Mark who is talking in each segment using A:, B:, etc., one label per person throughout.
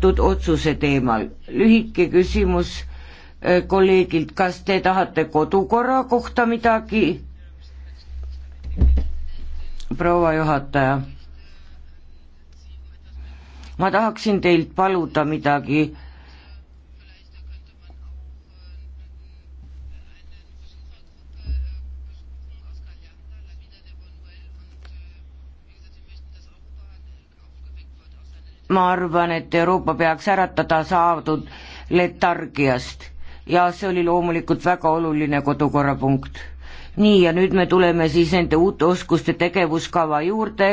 A: tehtud otsuse teemal. lühike küsimus äh, kolleegilt, kas te tahate kodukorra kohta midagi? proua juhataja, ma tahaksin teilt paluda midagi ma arvan, et Euroopa peaks äratada saadud letargiast ja see oli loomulikult väga oluline kodukorrapunkt. nii, ja nüüd me tuleme siis nende uute oskuste tegevuskava juurde,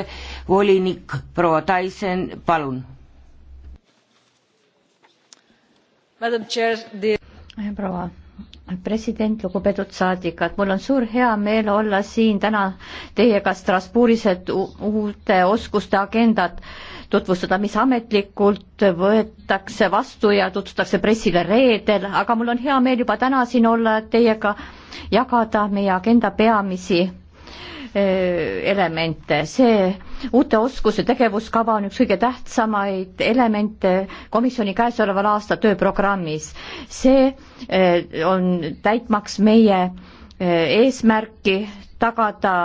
A: volinik proua Tyson, palun. proua president,
B: lugupeetud saadikad, mul on suur heameel olla siin täna teiega Strasbourgis, et uute oskuste agendat tutvustada, mis ametlikult võetakse vastu ja tutvustatakse pressile reedel, aga mul on hea meel juba täna siin olla, et teiega jagada meie agenda peamisi Eh, elemente, see uute oskuse tegevuskava on üks kõige tähtsamaid elemente komisjoni käesoleval aasta tööprogrammis. see eh, on täitmaks meie eh, eesmärki tagada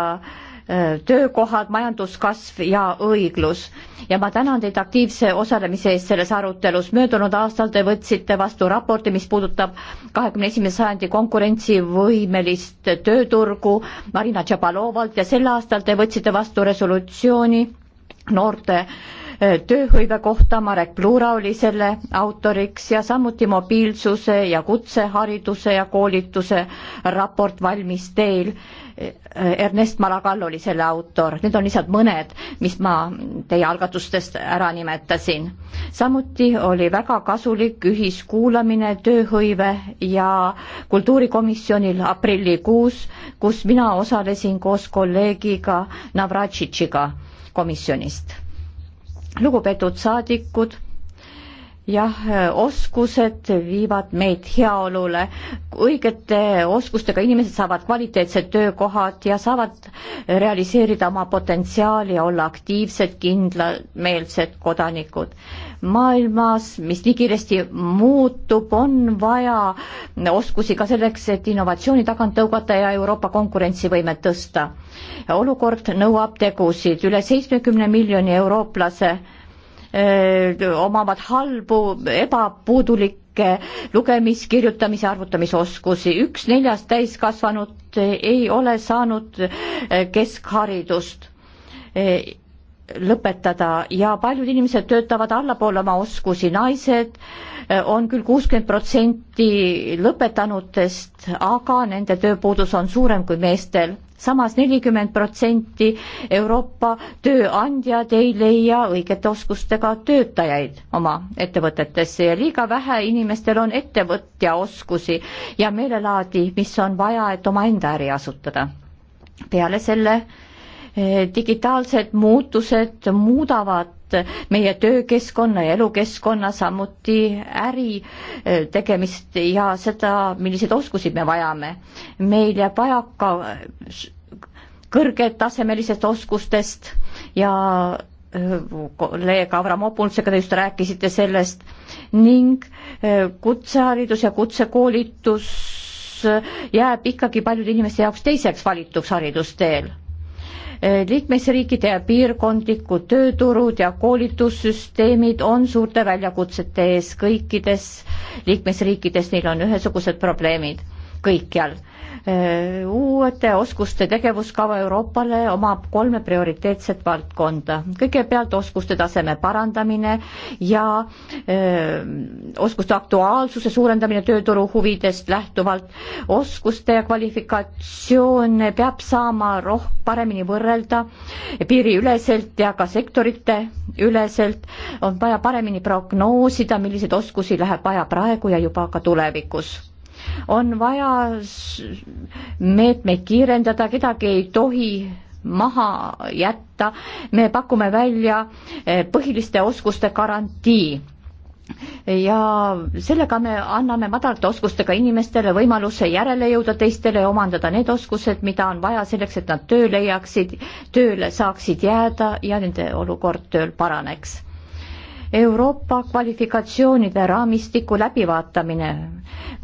B: Äh, töökohad, majanduskasv ja õiglus. ja ma tänan teid aktiivse osalemise eest selles arutelus. möödunud aastal te võtsite vastu raporti, mis puudutab kahekümne esimese sajandi konkurentsivõimelist tööturgu Marina Tšabalovalt ja sel aastal te võtsite vastu resolutsiooni noorte äh, tööhõive kohta, Marek Plura oli selle autoriks ja samuti mobiilsuse ja kutsehariduse ja koolituse raport valmis teel. Ernest Malagall oli selle autor, need on lihtsalt mõned, mis ma teie algatustest ära nimetasin. samuti oli väga kasulik ühiskuulamine, tööhõive ja kultuurikomisjonil aprillikuus, kus mina osalesin koos kolleegiga Navratšitšiga komisjonist lugupeetud saadikud, jah, oskused viivad meid heaolule, õigete oskustega inimesed saavad kvaliteetsed töökohad ja saavad realiseerida oma potentsiaali ja olla aktiivsed, kindlameelsed kodanikud maailmas, mis nii kiiresti muutub, on vaja oskusi ka selleks, et innovatsiooni tagant tõugata ja Euroopa konkurentsivõimet tõsta. olukord nõuab tegusid, üle seitsmekümne miljoni eurooplase öö, omavad halbu, ebapuudulikke lugemis, kirjutamise, arvutamisoskusi. üks neljast täiskasvanut ei ole saanud keskharidust lõpetada ja paljud inimesed töötavad allapoole oma oskusi, naised eh, on küll kuuskümmend protsenti lõpetanutest, aga nende tööpuudus on suurem kui meestel samas nelikümmend protsenti Euroopa tööandjad ei leia õigete oskustega töötajaid oma ettevõtetesse ja liiga vähe inimestel on ettevõtja oskusi ja meelelaadi, mis on vaja, et omaenda äri asutada. peale selle Eh, digitaalsed muutused muudavad meie töökeskkonna ja elukeskkonna, samuti äri eh, tegemist ja seda, milliseid oskusi me vajame. meil jääb vajaka eh, kõrgetasemelisest oskustest ja kolleeg Avramopulsega te just rääkisite sellest ning kutseharidus ja kutsekoolitus jääb ikkagi paljude inimeste jaoks teiseks valituks haridusteel Eh, liikmesriikide ja piirkondlikud tööturud ja koolitussüsteemid on suurte väljakutsete ees kõikides liikmesriikides, neil on ühesugused probleemid kõikjal Äh, uute oskuste tegevuskava Euroopale omab kolme prioriteetset valdkonda. kõigepealt oskuste taseme parandamine ja öö, äh, oskuste aktuaalsuse suurendamine tööturu huvidest lähtuvalt. oskuste ja kvalifikatsioon peab saama roh-, paremini võrrelda piiriüleselt ja ka sektorite üleselt. on vaja paremini prognoosida, milliseid oskusi läheb vaja praegu ja juba ka tulevikus on vaja meetmeid kiirendada, kedagi ei tohi maha jätta, me pakume välja eh, põhiliste oskuste garantii ja sellega me anname madalate oskustega inimestele võimaluse järele jõuda teistele ja omandada need oskused, mida on vaja selleks, et nad töö leiaksid, tööle saaksid jääda ja nende olukord tööl paraneks Euroopa kvalifikatsioonide raamistiku läbivaatamine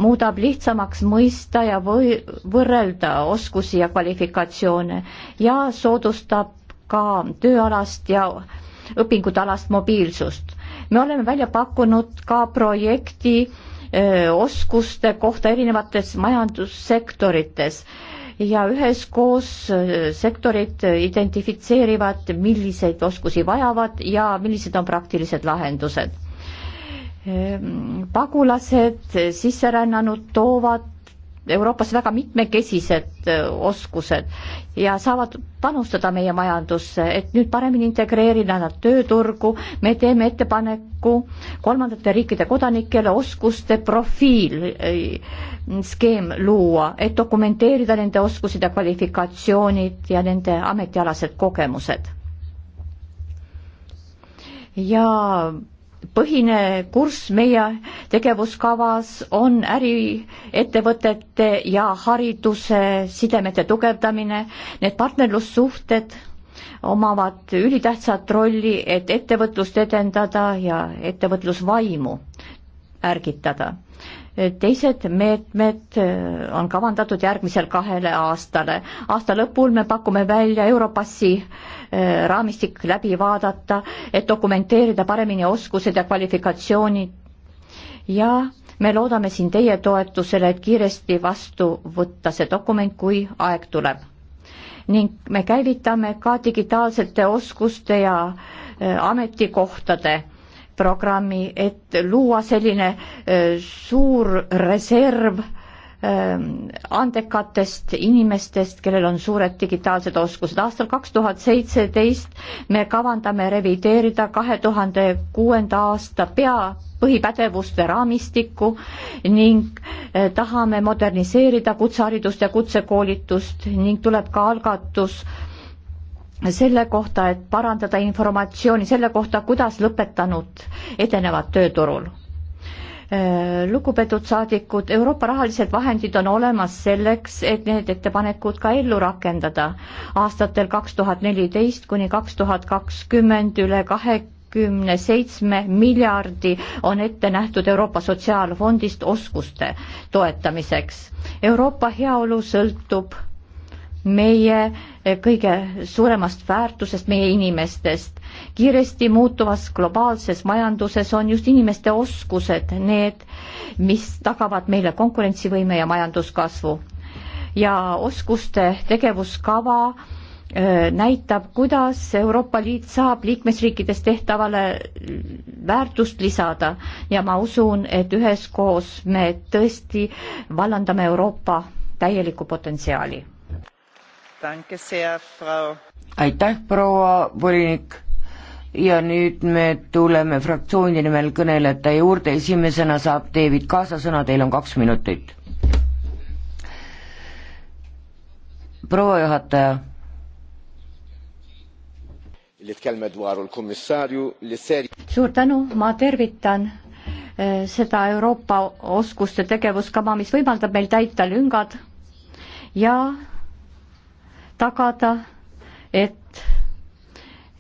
B: muudab lihtsamaks mõista ja või võrrelda oskusi ja kvalifikatsioone ja soodustab ka tööalast ja õpingutalast mobiilsust. me oleme välja pakkunud ka projekti öö, oskuste kohta erinevates majandussektorites ja üheskoos äh, sektorid identifitseerivad, milliseid oskusi vajavad ja millised on praktilised lahendused. Ehm, pagulased, sisserännanud toovad Euroopas väga mitmekesised oskused ja saavad panustada meie majandusse, et nüüd paremini integreerida nad tööturgu, me teeme ettepaneku kolmandate riikide kodanikele oskuste profiilskeem luua, et dokumenteerida nende oskused ja kvalifikatsioonid ja nende ametialased kogemused. ja põhine kurss meie tegevuskavas on äriettevõtete ja hariduse sidemete tugevdamine, need partnerlussuhted omavad ülitähtsat rolli, et ettevõtlust edendada ja ettevõtlusvaimu ärgitada teised meetmed äh, on kavandatud järgmisel kahele aastale. aasta lõpul me pakume välja Europassi äh, raamistik läbi vaadata, et dokumenteerida paremini oskused ja kvalifikatsioonid ja me loodame siin teie toetusele, et kiiresti vastu võtta see dokument, kui aeg tuleb. ning me käivitame ka digitaalsete oskuste ja äh, ametikohtade programmi, et luua selline äh, suur reserv ähm, andekatest inimestest, kellel on suured digitaalsed oskused. aastal kaks tuhat seitseteist me kavandame revideerida kahe tuhande kuuenda aasta pea põhipädevuste raamistikku ning äh, tahame moderniseerida kutseharidust ja kutsekoolitust ning tuleb ka algatus selle kohta, et parandada informatsiooni selle kohta, kuidas lõpetanud edenevad tööturul. Äh, lugupeetud saadikud, Euroopa rahalised vahendid on olemas selleks, et need ettepanekud ka ellu rakendada. aastatel kaks tuhat neliteist kuni kaks tuhat kakskümmend üle kahe kümne seitsme miljardi on ette nähtud Euroopa Sotsiaalfondist oskuste toetamiseks. Euroopa heaolu sõltub meie eh, kõige suuremast väärtusest, meie inimestest. kiiresti muutuvas globaalses majanduses on just inimeste oskused need, mis tagavad meile konkurentsivõime ja majanduskasvu. ja oskuste tegevuskava eh, näitab, kuidas Euroopa Liit saab liikmesriikides tehtavale mm, väärtust lisada ja ma usun, et üheskoos me tõesti vallandame Euroopa
A: täieliku potentsiaali aitäh, proua volinik ja nüüd me tuleme fraktsiooni nimel kõnelejate juurde, esimesena saab David Kaasa sõna, teil on kaks minutit. proua juhataja.
B: suur tänu, ma tervitan eh, seda Euroopa oskuste tegevuskava, mis võimaldab meil täita lüngad ja tagada, et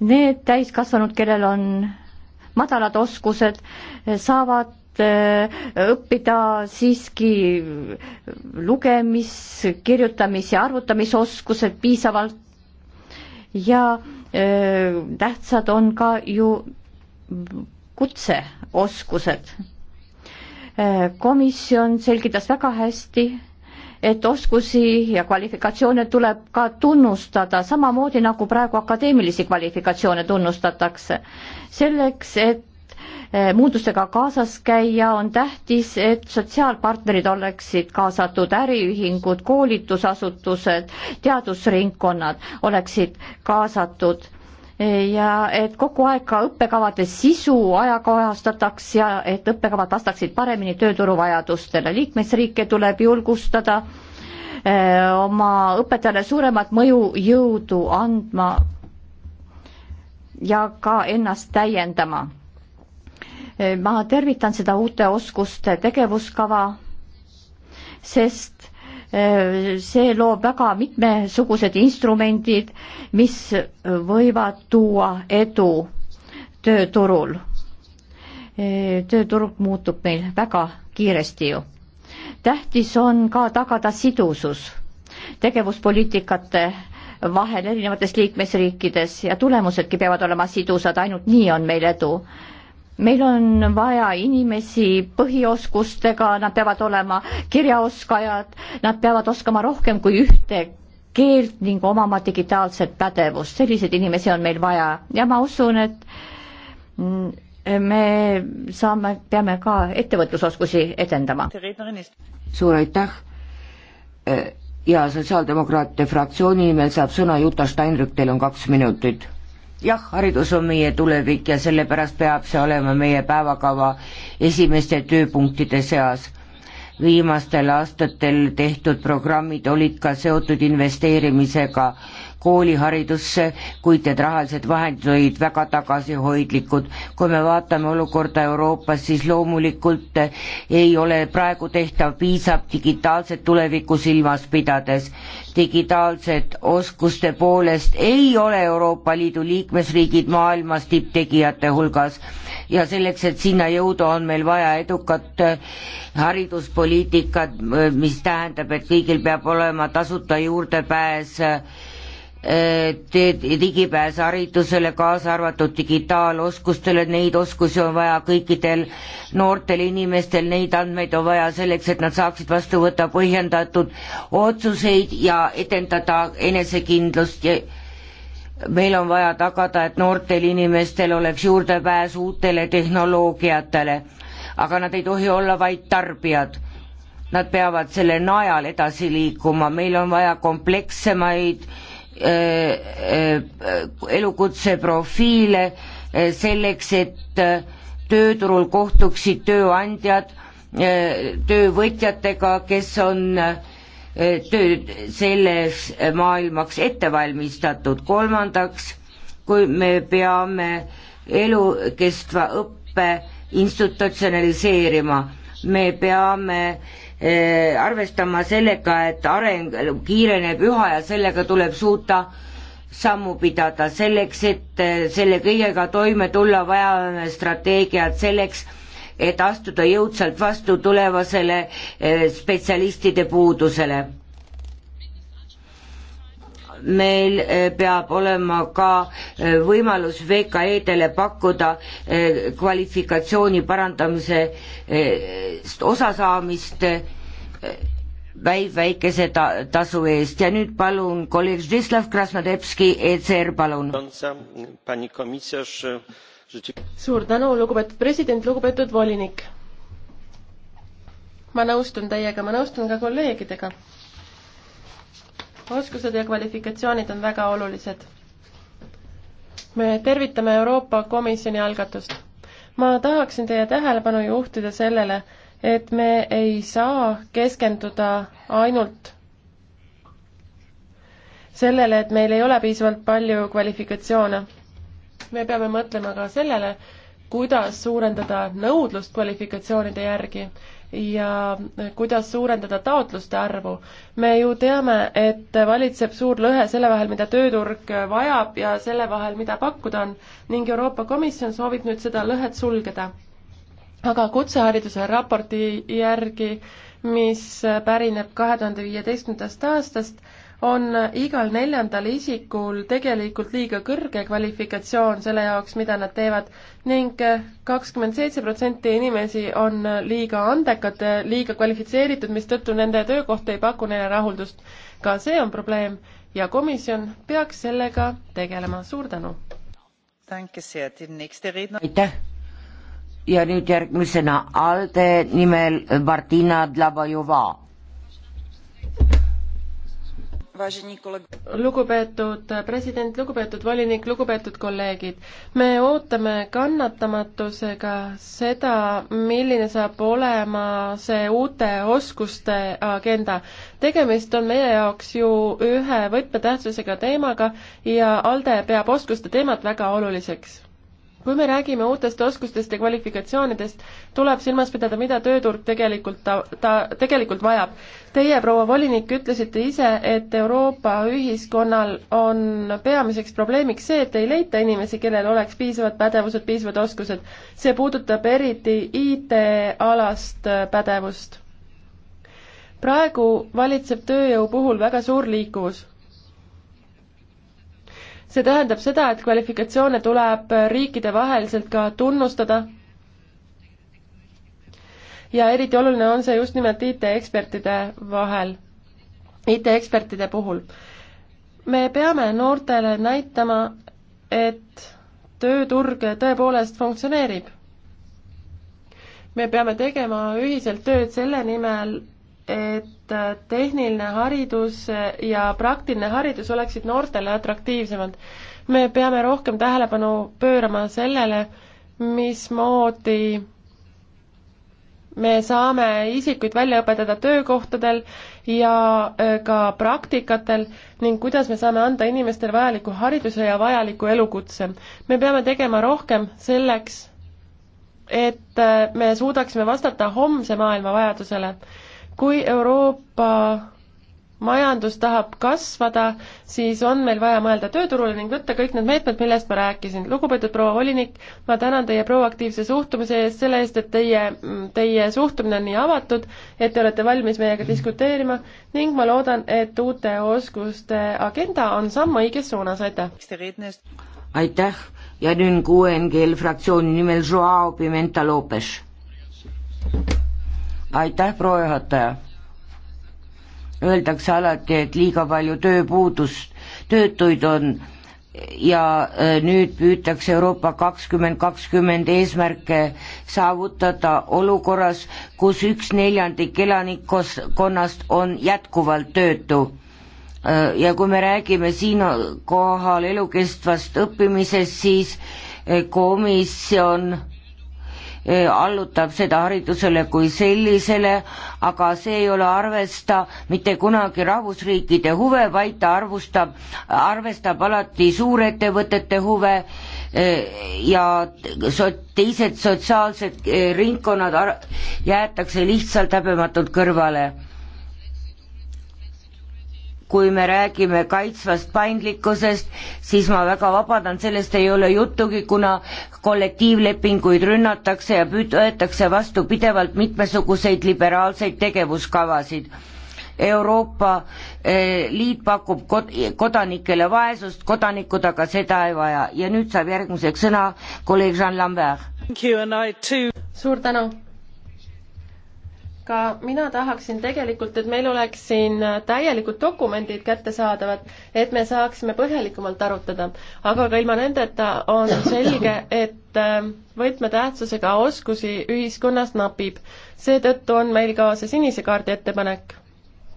B: need täiskasvanud, kellel on madalad oskused, saavad eh, õppida siiski lugemis, kirjutamis- ja arvutamisoskused piisavalt ja öö, eh, tähtsad on ka ju kutseoskused. Eh, komisjon selgitas väga hästi et oskusi ja kvalifikatsioone tuleb ka tunnustada, samamoodi nagu praegu akadeemilisi kvalifikatsioone tunnustatakse. selleks, et eh, muutustega kaasas käia, on tähtis, et sotsiaalpartnerid oleksid kaasatud, äriühingud, koolitusasutused, teadusringkonnad oleksid kaasatud ja et kogu aeg ka õppekavade sisu ajakohastataks ja et õppekavad vastaksid paremini tööturu vajadustele. liikmesriike tuleb julgustada öö, eh, oma õpetajale suuremat mõjujõudu andma ja ka ennast täiendama. Eh, ma tervitan seda uute oskuste tegevuskava, sest see loob väga mitmesugused instrumendid, mis võivad tuua edu tööturul. tööturg muutub meil väga kiiresti ju. tähtis on ka tagada sidusus tegevuspoliitikate vahel erinevates liikmesriikides ja tulemusedki peavad olema sidusad, ainult nii on meil edu meil on vaja inimesi põhioskustega, nad peavad olema kirjaoskajad, nad peavad oskama rohkem kui ühte keelt ning omama digitaalset pädevust, selliseid inimesi on meil vaja ja ma usun, et mm, me saame, peame ka ettevõtlusoskusi edendama.
A: suur aitäh ja Sotsiaaldemokraatide fraktsiooni nimel saab sõna Juta Steinrück, teil on kaks minutit jah, haridus on meie tulevik ja sellepärast peab see olema meie päevakava esimeste tööpunktide seas. viimastel aastatel tehtud programmid olid ka seotud investeerimisega kooliharidusse, kuid need rahalised vahendid olid väga tagasihoidlikud. kui me vaatame olukorda Euroopas, siis loomulikult ei ole praegu tehtav piisav digitaalset tulevikku silmas pidades. digitaalsed oskuste poolest ei ole Euroopa Liidu liikmesriigid maailmas tipptegijate hulgas ja selleks, et sinna jõuda, on meil vaja edukat äh, hariduspoliitikat, äh, mis tähendab, et kõigil peab olema tasuta juurdepääs äh, ligipääs haridusele, kaasa arvatud digitaaloskustele, neid oskusi on vaja kõikidel noortel inimestel, neid andmeid on vaja selleks, et nad saaksid vastu võtta põhjendatud otsuseid ja edendada enesekindlust ja meil on vaja tagada, et noortel inimestel oleks juurdepääs uutele tehnoloogiatele, aga nad ei tohi olla vaid tarbijad nad peavad selle najal edasi liikuma, meil on vaja komplekssemaid Äh, äh, elukutse profiile äh, selleks, et tööturul kohtuksid tööandjad töövõtjatega, kes on tööd selles maailmaks ette valmistatud. kolmandaks, kui me peame elukestva õppe institutsionaliseerima me peame eh, arvestama sellega, et areng kiireneb üha ja sellega tuleb suuta sammu pidada, selleks et eh, selle kõigega toime tulla, vajame strateegiat selleks, et astuda jõudsalt vastu tulevasele eh, spetsialistide puudusele meil eh, peab olema ka eh, võimalus VKE-dele pakkuda eh, kvalifikatsiooni parandamisest osasaamist väi-, väikese ta-, tasu eest ja nüüd palun kolleeg Zdislav Krasnodebski, ECR, palun. suur tänu, lugupeetud president, lugupeetud volinik.
C: ma nõustun teiega, ma nõustun ka kolleegidega oskused ja kvalifikatsioonid on väga olulised. me tervitame Euroopa Komisjoni algatust. ma tahaksin teie tähelepanu juhtida sellele, et me ei saa keskenduda ainult sellele, et meil ei ole piisavalt palju kvalifikatsioone. me peame mõtlema ka sellele, kuidas suurendada nõudlust kvalifikatsioonide järgi ja kuidas suurendada taotluste arvu. me ju teame, et valitseb suur lõhe selle vahel, mida tööturg vajab ja selle vahel, mida pakkuda on ning Euroopa Komisjon soovib nüüd seda lõhet sulgeda. aga kutsehariduse raporti järgi, mis pärineb kahe tuhande viieteistkümnendast aastast, on igal neljandal isikul tegelikult liiga kõrge kvalifikatsioon selle jaoks, mida nad teevad ning äh, kakskümmend seitse protsenti inimesi on liiga andekad, äh, liiga kvalifitseeritud, mistõttu nende töökoht ei paku neile rahuldust. ka see on probleem ja komisjon peaks sellega tegelema, suur tänu!
D: aitäh!
A: ja nüüd järgmisena ALDE nimel Martina Dlabajova
C: lugupeetud president, lugupeetud volinik, lugupeetud kolleegid. me ootame kannatamatusega seda, milline saab olema see uute oskuste agenda. tegemist on meie jaoks ju ühe võtmetähtsusega teemaga ja ALDE peab oskuste teemat väga oluliseks kui me räägime uutest oskustest ja kvalifikatsioonidest, tuleb silmas pidada, mida tööturg tegelikult ta, ta tegelikult vajab. Teie, proua volinik, ütlesite ise, et Euroopa ühiskonnal on peamiseks probleemiks see, et ei leita inimesi, kellel oleks piisavad pädevused, piisavad oskused. see puudutab eriti IT-alast pädevust. praegu valitseb tööjõu puhul väga suur liikuvus see tähendab seda, et kvalifikatsioone tuleb riikidevaheliselt ka tunnustada ja eriti oluline on see just nimelt IT-ekspertide vahel, IT-ekspertide puhul. me peame noortele näitama, et tööturg tõepoolest funktsioneerib. me peame tegema ühiselt tööd selle nimel, et tehniline haridus ja praktiline haridus oleksid noortele atraktiivsemad. me peame rohkem tähelepanu pöörama sellele, mismoodi me saame isikuid välja õpetada töökohtadel ja äh, ka praktikatel ning kuidas me saame anda inimestele vajaliku hariduse ja vajaliku elukutse. me peame tegema rohkem selleks, et äh, me suudaksime vastata homse maailma vajadusele kui Euroopa majandus tahab kasvada, siis on meil vaja mõelda tööturule ning võtta kõik need meetmed, millest ma rääkisin. lugupeetud proua volinik, ma tänan teie proaktiivse suhtumise eest, selle eest, et teie, teie suhtumine on nii avatud, et te olete valmis meiega diskuteerima ning ma loodan, et uute oskuste agenda on samm õiges suunas, aitäh!
A: aitäh ja nüüd QNGL fraktsiooni nimel Joao Pimenta Lopes aitäh, proua juhataja. Öeldakse alati, et liiga palju tööpuudust, töötuid on ja e, nüüd püütakse Euroopa kakskümmend kakskümmend eesmärke saavutada olukorras, kus üks neljandik elanikkonnast on jätkuvalt töötu. E, ja kui me räägime siinkohal elukestvast õppimisest, siis e, komisjon Eh, allutab seda haridusele kui sellisele, aga see ei ole arvesta mitte kunagi rahvusriikide huve, vaid ta arvustab, arvestab alati suurettevõtete huve eh, ja so-, teised sotsiaalsed eh, ringkonnad ar-, jäetakse lihtsalt häbematult kõrvale kui me räägime kaitsvast paindlikkusest, siis ma väga vabandan, sellest ei ole juttugi, kuna kollektiivlepinguid rünnatakse ja püüd-, võetakse vastu pidevalt mitmesuguseid liberaalseid tegevuskavasid Euroopa eh, Liit pakub kod-, kodanikele vaesust, kodanikud aga seda ei vaja ja nüüd saab järgmiseks sõna kolleeg Jean Lambert. suur tänu
C: ka mina tahaksin tegelikult, et meil oleks siin täielikud dokumendid kättesaadavad, et me saaksime põhjalikumalt arutada. aga ka ilma nendeta on selge, et äh, võtmetähtsusega oskusi ühiskonnas napib. seetõttu on meil ka see sinise kaardi ettepanek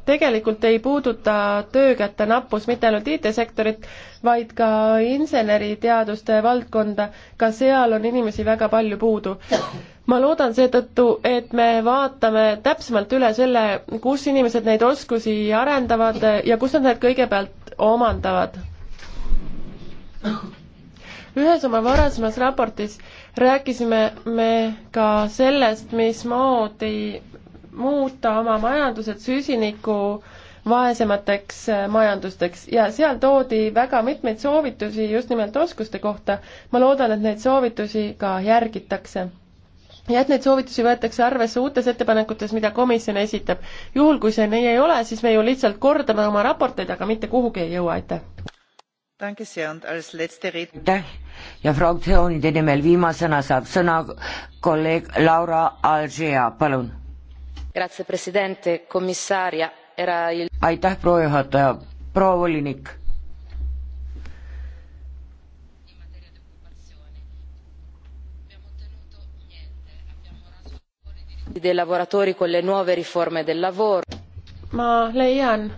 C: tegelikult ei puuduta töökäte nappus mitte ainult IT-sektorit, vaid ka inseneriteaduste valdkonda, ka seal on inimesi väga palju puudu ma loodan seetõttu, et me vaatame täpsemalt üle selle, kus inimesed neid oskusi arendavad ja kus nad need kõigepealt omandavad. ühes oma varasemas raportis rääkisime me ka sellest, mismoodi muuta oma majandused süsiniku vaesemateks majandusteks ja seal toodi väga mitmeid soovitusi just nimelt oskuste kohta. ma loodan, et neid soovitusi ka järgitakse ja et neid soovitusi võetakse arvesse uutes ettepanekutes, mida komisjon esitab. juhul, kui see nii ei ole, siis me ju lihtsalt kordame oma raporteid, aga
A: mitte kuhugi ei jõua, aitäh.
D: aitäh
A: ja fraktsioonide nimel viimasena saab sõna kolleeg Laura Algea, palun. aitäh, proua juhataja, proua volinik dei lavoratori con le nuove riforme del lavoro. ma leian,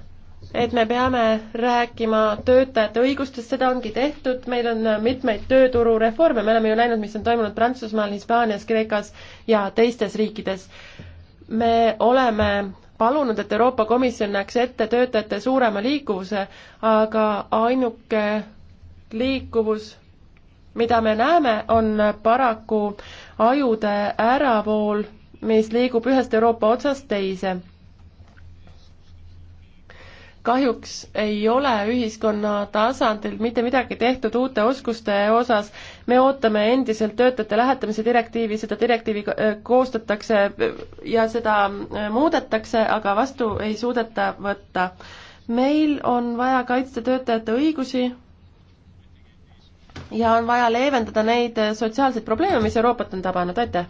C: et me peame rääkima töötajate õigustest, seda ongi tehtud, meil on mitmeid tööturureforme, me oleme ju näinud, mis on toimunud Prantsusmaal, Hispaanias, Kreekas ja teistes riikides. me oleme palunud, et Euroopa Komisjon näeks ette töötajate suurema liikuvuse, aga ainuke liikuvus, mida me näeme, on paraku ajude äravool mis liigub ühest Euroopa otsast teise. kahjuks ei ole ühiskonna tasandil mitte midagi tehtud uute oskuste osas. me ootame endiselt töötajate lähetamise direktiivi, seda direktiivi äh, koostatakse ja seda äh, muudetakse, aga vastu ei suudeta võtta meil on vaja kaitsta töötajate õigusi ja on vaja leevendada neid sotsiaalseid probleeme, mis Euroopat on tabanud, aitäh!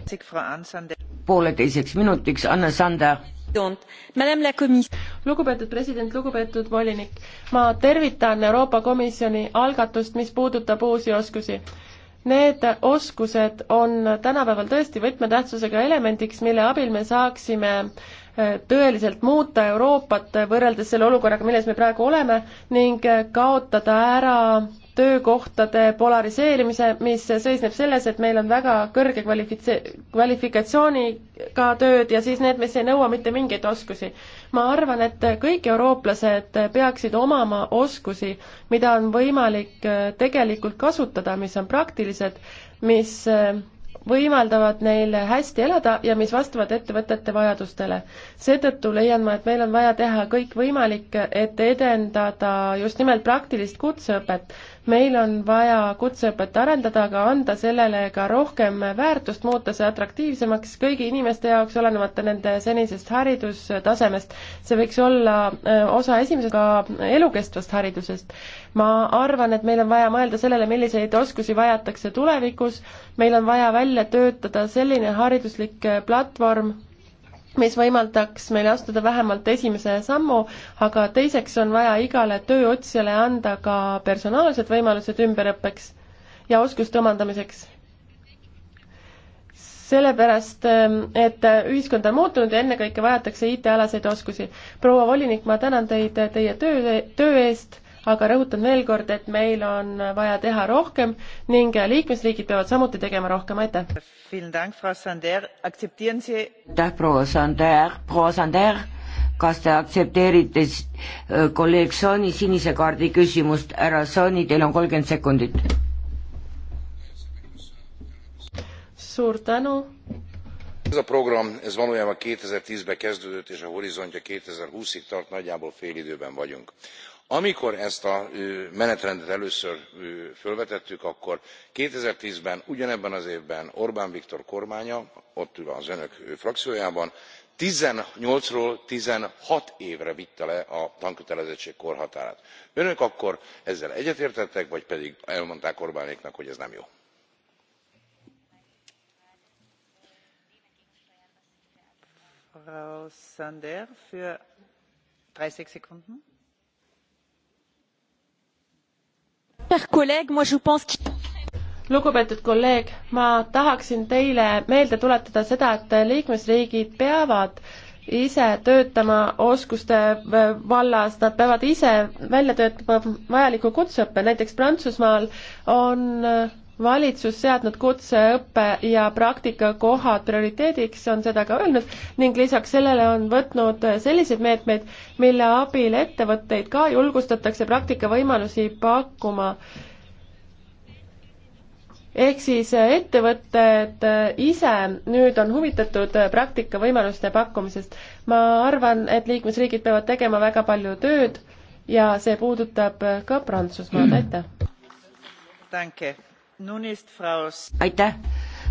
A: pooleteiseks minutiks, Anne Sander.
C: lugupeetud president, lugupeetud volinik, ma tervitan Euroopa Komisjoni algatust, mis puudutab uusi oskusi Need oskused on tänapäeval tõesti võtmetähtsusega elemendiks, mille abil me saaksime eh, tõeliselt muuta Euroopat võrreldes selle olukorraga, milles me praegu oleme ning eh, kaotada ära töökohtade polariseerimise, mis seisneb selles, et meil on väga kõrge kvalifitse-, kvalifikatsiooniga tööd ja siis need, mis ei nõua mitte mingeid oskusi. ma arvan, et kõik eurooplased peaksid omama oskusi, mida on võimalik tegelikult kasutada, mis on praktilised, mis võimaldavad neil hästi elada ja mis vastavad ettevõtete vajadustele. seetõttu leian ma, et meil on vaja teha kõik võimalik, et edendada just nimelt praktilist kutseõpet meil on vaja kutseõpet arendada, aga anda sellele ka rohkem väärtust, muuta see atraktiivsemaks kõigi inimeste jaoks, olenemata nende senisest haridustasemest. see võiks olla äh, osa esimesest ka elukestvast haridusest. ma arvan, et meil on vaja mõelda sellele, milliseid oskusi vajatakse tulevikus, meil on vaja välja töötada selline hariduslik äh, platvorm, mis võimaldaks meil astuda vähemalt esimese sammu, aga teiseks on vaja igale tööotsijale anda ka personaalsed võimalused ümberõppeks ja oskuste omandamiseks. sellepärast, ehm, et ühiskond on muutunud ja ennekõike vajatakse IT-alaseid oskusi. proua volinik, ma tänan teid teie töö, töö eest aga rõhutan veel kord, et meil on vaja teha rohkem ning liikmesriigid peavad samuti tegema rohkem, aitäh!
A: aitäh, proua Sander, proua Sander, kas te aktsepteerite äh, kolleeg Sooni sinise kaardi küsimust, härra Sooni, teil on kolmkümmend sekundit.
C: suur tänu
B: ez a program ez valójában two thousand and ten ben kezdődött és a horizontja two thousand and twenty ig tart nagyjából félidőben vagyunk amikor ezt a menetrendet először fölvetettük akkor two thousand and ten ben ugyanebben az évben orbán viktor kormánya ott az önök frakciójában eighteen ról sixteen évre vitte le a tankötelezettség korhatárát. önök akkor ezzel egyetértettek vagy pedig elmondták orbánéknak hogy ez nem jó?
D: frau snder für dreißig sekunden.
C: lugupeetud kolleeg, ma tahaksin teile meelde tuletada seda, et liikmesriigid peavad ise töötama oskuste vallas, nad peavad ise välja töötama vajaliku kutseõppe, näiteks Prantsusmaal on valitsus seadnud kutseõppe ja praktikakohad prioriteediks, on seda ka öelnud, ning lisaks sellele on võtnud selliseid meetmeid, mille abil ettevõtteid ka julgustatakse praktikavõimalusi pakkuma. ehk siis ettevõtted ise nüüd on huvitatud praktikavõimaluste pakkumisest. ma arvan, et liikmesriigid peavad tegema väga palju tööd ja see puudutab ka Prantsusmaad, aitäh!
A: aitäh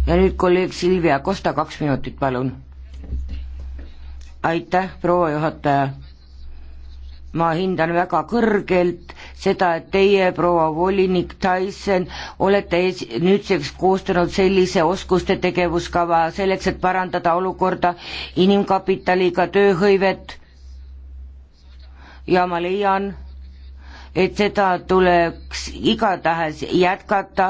A: ja nüüd kolleeg Silvia Kosta, kaks minutit, palun. aitäh, proua juhataja. ma hindan väga kõrgelt seda, et teie, proua volinik Tyson, olete ees, nüüdseks koostanud sellise oskuste tegevuskava selleks, et parandada olukorda inimkapitaliga tööhõivet ja ma leian, et seda tuleks igatahes jätkata,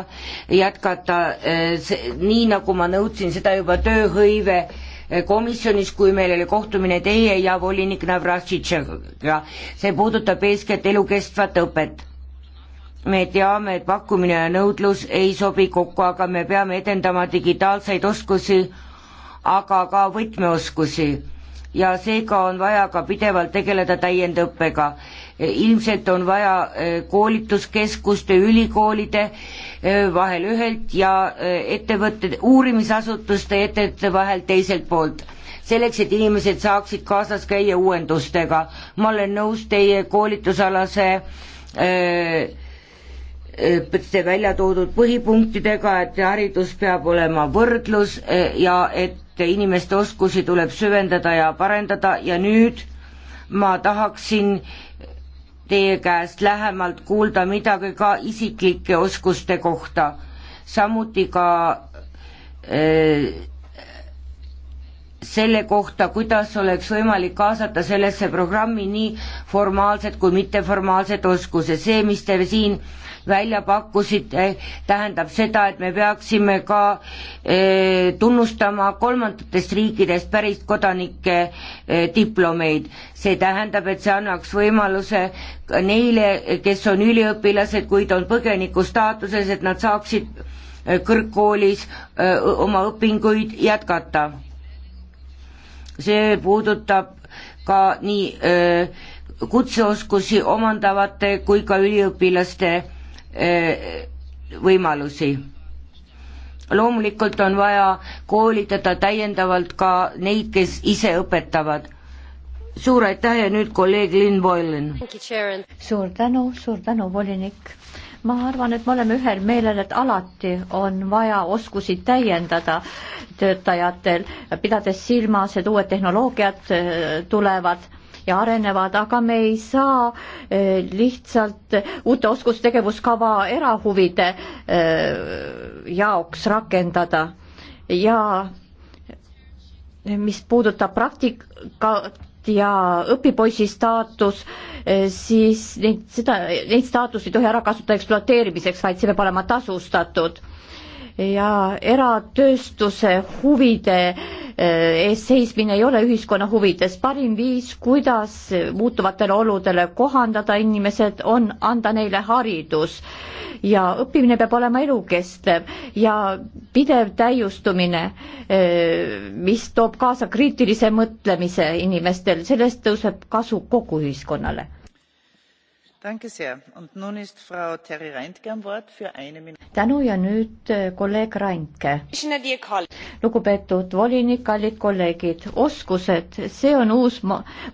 A: jätkata eh, see, nii, nagu ma nõudsin seda juba tööhõive eh, komisjonis, kui meil oli kohtumine teie ja volinik Navratšitšega. see puudutab eeskätt elukestvat õpet. me teame, et pakkumine ja nõudlus ei sobi kokku, aga me peame edendama digitaalseid oskusi, aga ka võtmeoskusi ja seega on vaja ka pidevalt tegeleda täiendõppega. ilmselt on vaja e, koolituskeskuste, ülikoolide e, vahel ühelt ja e, ettevõtte, uurimisasutuste ettevõtete vahel teiselt poolt selleks, et inimesed saaksid kaasas käia uuendustega. ma olen nõus teie koolitusalase öö, Äh, see välja toodud põhipunktidega, et haridus peab olema võrdlus äh, ja et inimeste oskusi tuleb süvendada ja parendada ja nüüd ma tahaksin teie käest lähemalt kuulda midagi ka isiklike oskuste kohta, samuti ka äh, selle kohta, kuidas oleks võimalik kaasata sellesse programmi nii formaalsed kui mitteformaalsed oskused, see, mis te siin äh, välja pakkusite, eh, tähendab seda, et me peaksime ka eh, tunnustama kolmandatest riikidest pärit kodanike eh, diplomeid. see tähendab, et see annaks võimaluse neile, kes on üliõpilased, kuid on põgeniku staatuses, et nad saaksid kõrgkoolis oma õpinguid jätkata. see puudutab ka nii öö, kutseoskusi omandavate kui ka üliõpilaste Eh, võimalusi. loomulikult on vaja koolitada täiendavalt ka neid, kes ise õpetavad. suur aitäh ja nüüd kolleeg Lynn Boylan.
B: suur tänu, suur tänu, volinik ma arvan, et me oleme ühel meelel, et alati on vaja oskusi täiendada töötajatel, pidades silmas, et uued tehnoloogiad eh, tulevad ja arenevad, aga me ei saa eh, lihtsalt uute oskustegevuskava erahuvide eh, jaoks rakendada ja mis puudutab praktikat, ja õpipoisi staatus, eh, siis neid, seda, neid staatusi ei tohi ära kasutada ekspluateerimiseks, vaid see peab olema tasustatud ja eratööstuse huvide eh, eest seismine ei ole ühiskonna huvides. parim viis, kuidas muutuvatele oludele kohandada inimesed, on anda neile haridus ja õppimine peab olema elukestev ja pidev täiustumine, eh, mis toob kaasa kriitilise mõtlemise inimestel, sellest tõuseb kasu kogu ühiskonnale tänu ja nüüd äh, kolleeg Randke. lugupeetud volinik, kallid kolleegid, oskused, see on uus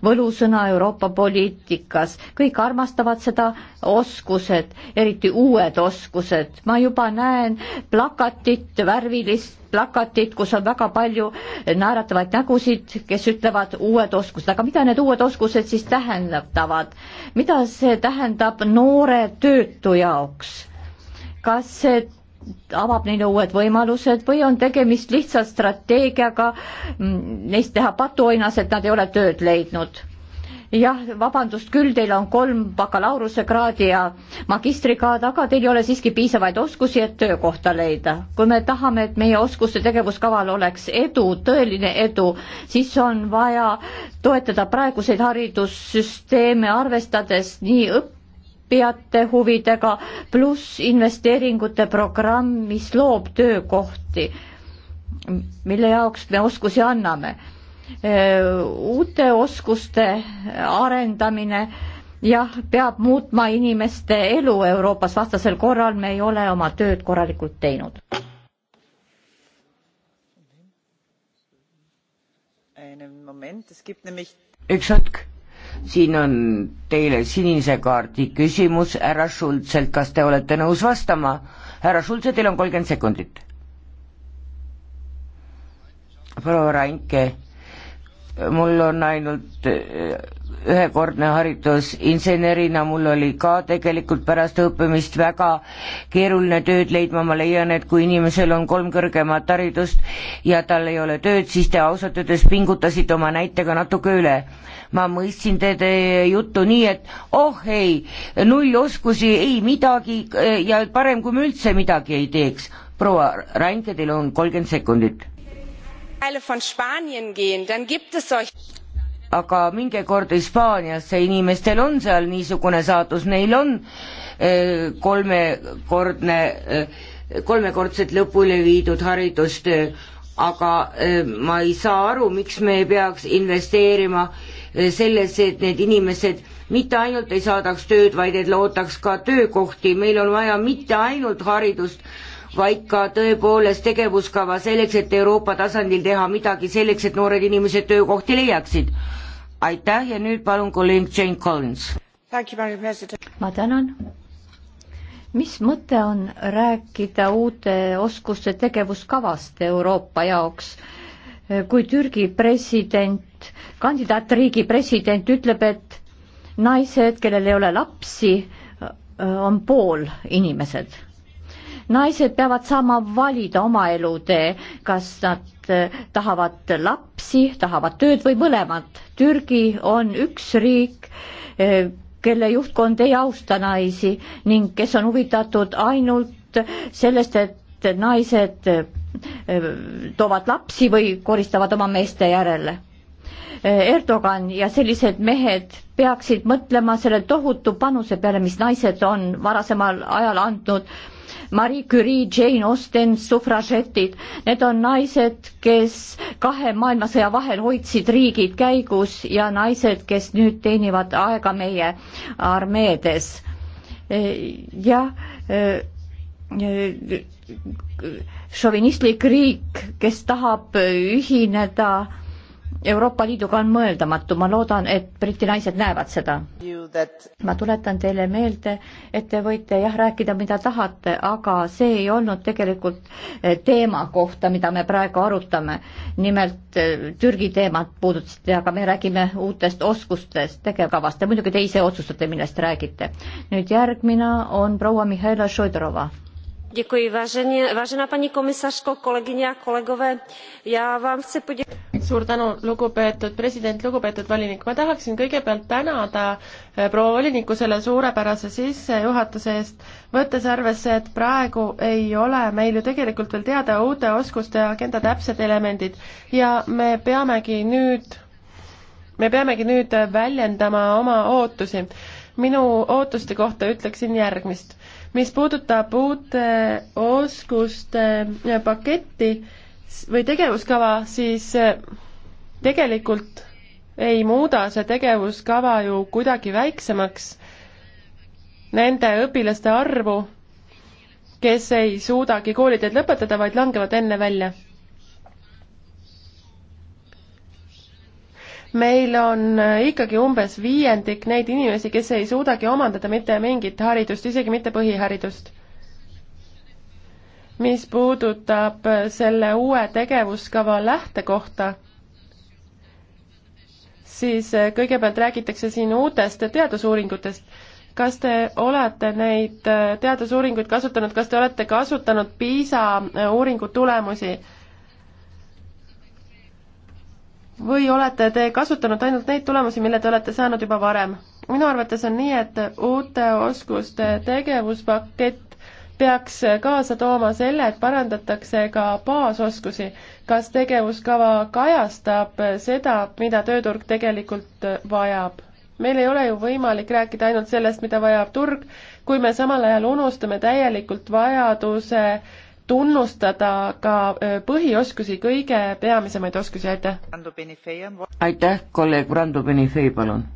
B: võlusõna Euroopa poliitikas, kõik armastavad seda, oskused, eriti uued oskused, ma juba näen plakatit, värvilist plakatid, kus on väga palju naeratavaid nägusid, kes ütlevad uued oskused, aga mida need uued oskused siis tähendavad? mida see tähendab noore töötu jaoks? kas see avab neile uued võimalused või on tegemist lihtsalt strateegiaga mm, neist teha patuoinas, et nad ei ole tööd leidnud? jah, vabandust küll, teil on kolm bakalaureusekraadi ja magistrikraad, aga teil ei ole siiski piisavaid oskusi, et töökohta leida. kui me tahame, et meie oskuste tegevuskaval oleks edu, tõeline edu, siis on vaja toetada praeguseid haridussüsteeme, arvestades nii õppijate huvidega, pluss investeeringute programm, mis loob töökohti, mille jaoks me oskusi anname Äh, uute oskuste arendamine jah, peab muutma inimeste elu Euroopas, vastasel korral me ei ole oma tööd korralikult teinud.
A: üks hetk, siin on teile sinise kaardi küsimus härra Schultzelt, kas te olete nõus vastama? härra Schultze, teil on kolmkümmend sekundit. proua Rainke mul on ainult eh, ühekordne haridus insenerina, mul oli ka tegelikult pärast õppimist väga keeruline tööd leidma, ma leian, et kui inimesel on kolm kõrgemat haridust ja tal ei ole tööd, siis te ausalt öeldes pingutasite oma näitega natuke üle. ma mõistsin teie te juttu nii, et oh ei, null oskusi, ei midagi eh, ja parem, kui me üldse midagi ei teeks. proua Reinke, teil on kolmkümmend sekundit aga minge kord Hispaaniasse, inimestel on seal niisugune saatus, neil on äh, kolmekordne, äh, kolmekordselt lõpule viidud haridustöö, aga äh, ma ei saa aru, miks me peaks investeerima sellesse, et need inimesed mitte ainult ei saadaks tööd, vaid et loodaks ka töökohti, meil on vaja mitte ainult haridust, vaid ka tõepoolest tegevuskava selleks, et Euroopa tasandil teha midagi selleks, et noored inimesed töökohti leiaksid. aitäh ja nüüd palun kolleeg Jane Collins.
B: ma tänan. mis mõte on rääkida uute oskuste tegevuskavast Euroopa jaoks? kui Türgi president, kandidaatriigi president ütleb, et naised, kellel ei ole lapsi, on pool inimesed naised peavad saama valida oma elutee, kas nad eh, tahavad lapsi, tahavad tööd või mõlemat. Türgi on üks riik, eh, kelle juhtkond ei austa naisi ning kes on huvitatud ainult sellest, et naised eh, toovad lapsi või koristavad oma meeste järele Erdogan ja sellised mehed peaksid mõtlema selle tohutu panuse peale, mis naised on varasemal ajal andnud Marie Curie, Jane Austen, suffražetid. Need on naised, kes kahe maailmasõja vahel hoidsid riigid käigus ja naised, kes nüüd teenivad aega meie armeedes. jah eh, šovinistlik riik, kes tahab ühineda Euroopa Liiduga on mõeldamatu, ma loodan, et Briti naised näevad seda. ma tuletan teile meelde, et te võite jah, rääkida, mida tahate, aga see ei olnud tegelikult eh, teema kohta, mida me praegu arutame. nimelt eh, Türgi teemat puudutasite, aga me räägime uutest oskustest, tegevkavast ja muidugi te ise otsustate, millest räägite. nüüd järgmine on proua Mihhail Šodorova vážená paní komisařko kolegyně a kolegové já vám chci poděkovat. suur
C: tänu lugupeetud president lugupeetud volinik ma tahaksin kõigepealt tänada eh, proua volinikku selle suurepärase sissejuhatuse eest võttes arvesse et praegu ei ole meil ju tegelikult veel teada uute oskuste agenda täpsed elemendid ja me peamegi nüüd me peamegi nüüd väljendama oma ootusi minu ootuste kohta ütleksin järgmist mis puudutab uute oskuste äh, paketti või tegevuskava, siis äh, tegelikult ei muuda see tegevuskava ju kuidagi väiksemaks nende õpilaste arvu, kes ei suudagi kooliteed lõpetada, vaid langevad enne välja meil on äh, ikkagi umbes viiendik neid inimesi, kes ei suudagi omandada mitte mingit haridust, isegi mitte põhiharidust. mis puudutab äh, selle uue tegevuskava lähtekohta, siis äh, kõigepealt räägitakse siin uutest teadusuuringutest kas te olete neid teadusuuringuid kasutanud, kas te olete kasutanud PISA uuringu tulemusi? või olete te kasutanud ainult neid tulemusi, mille te olete saanud juba varem? minu arvates on nii, et uute oskuste tegevuspakett peaks kaasa tooma selle, et parandatakse ka baasoskusi. kas tegevuskava kajastab seda, mida tööturg tegelikult vajab? meil ei ole ju võimalik rääkida ainult sellest, mida vajab turg, kui me samal ajal unustame täielikult vajaduse äh, tunnustada ka äh, põhioskusi, kõige peamisemaid oskusi, aitäh!
A: aitäh, kolleeg Brando Benifei, palun!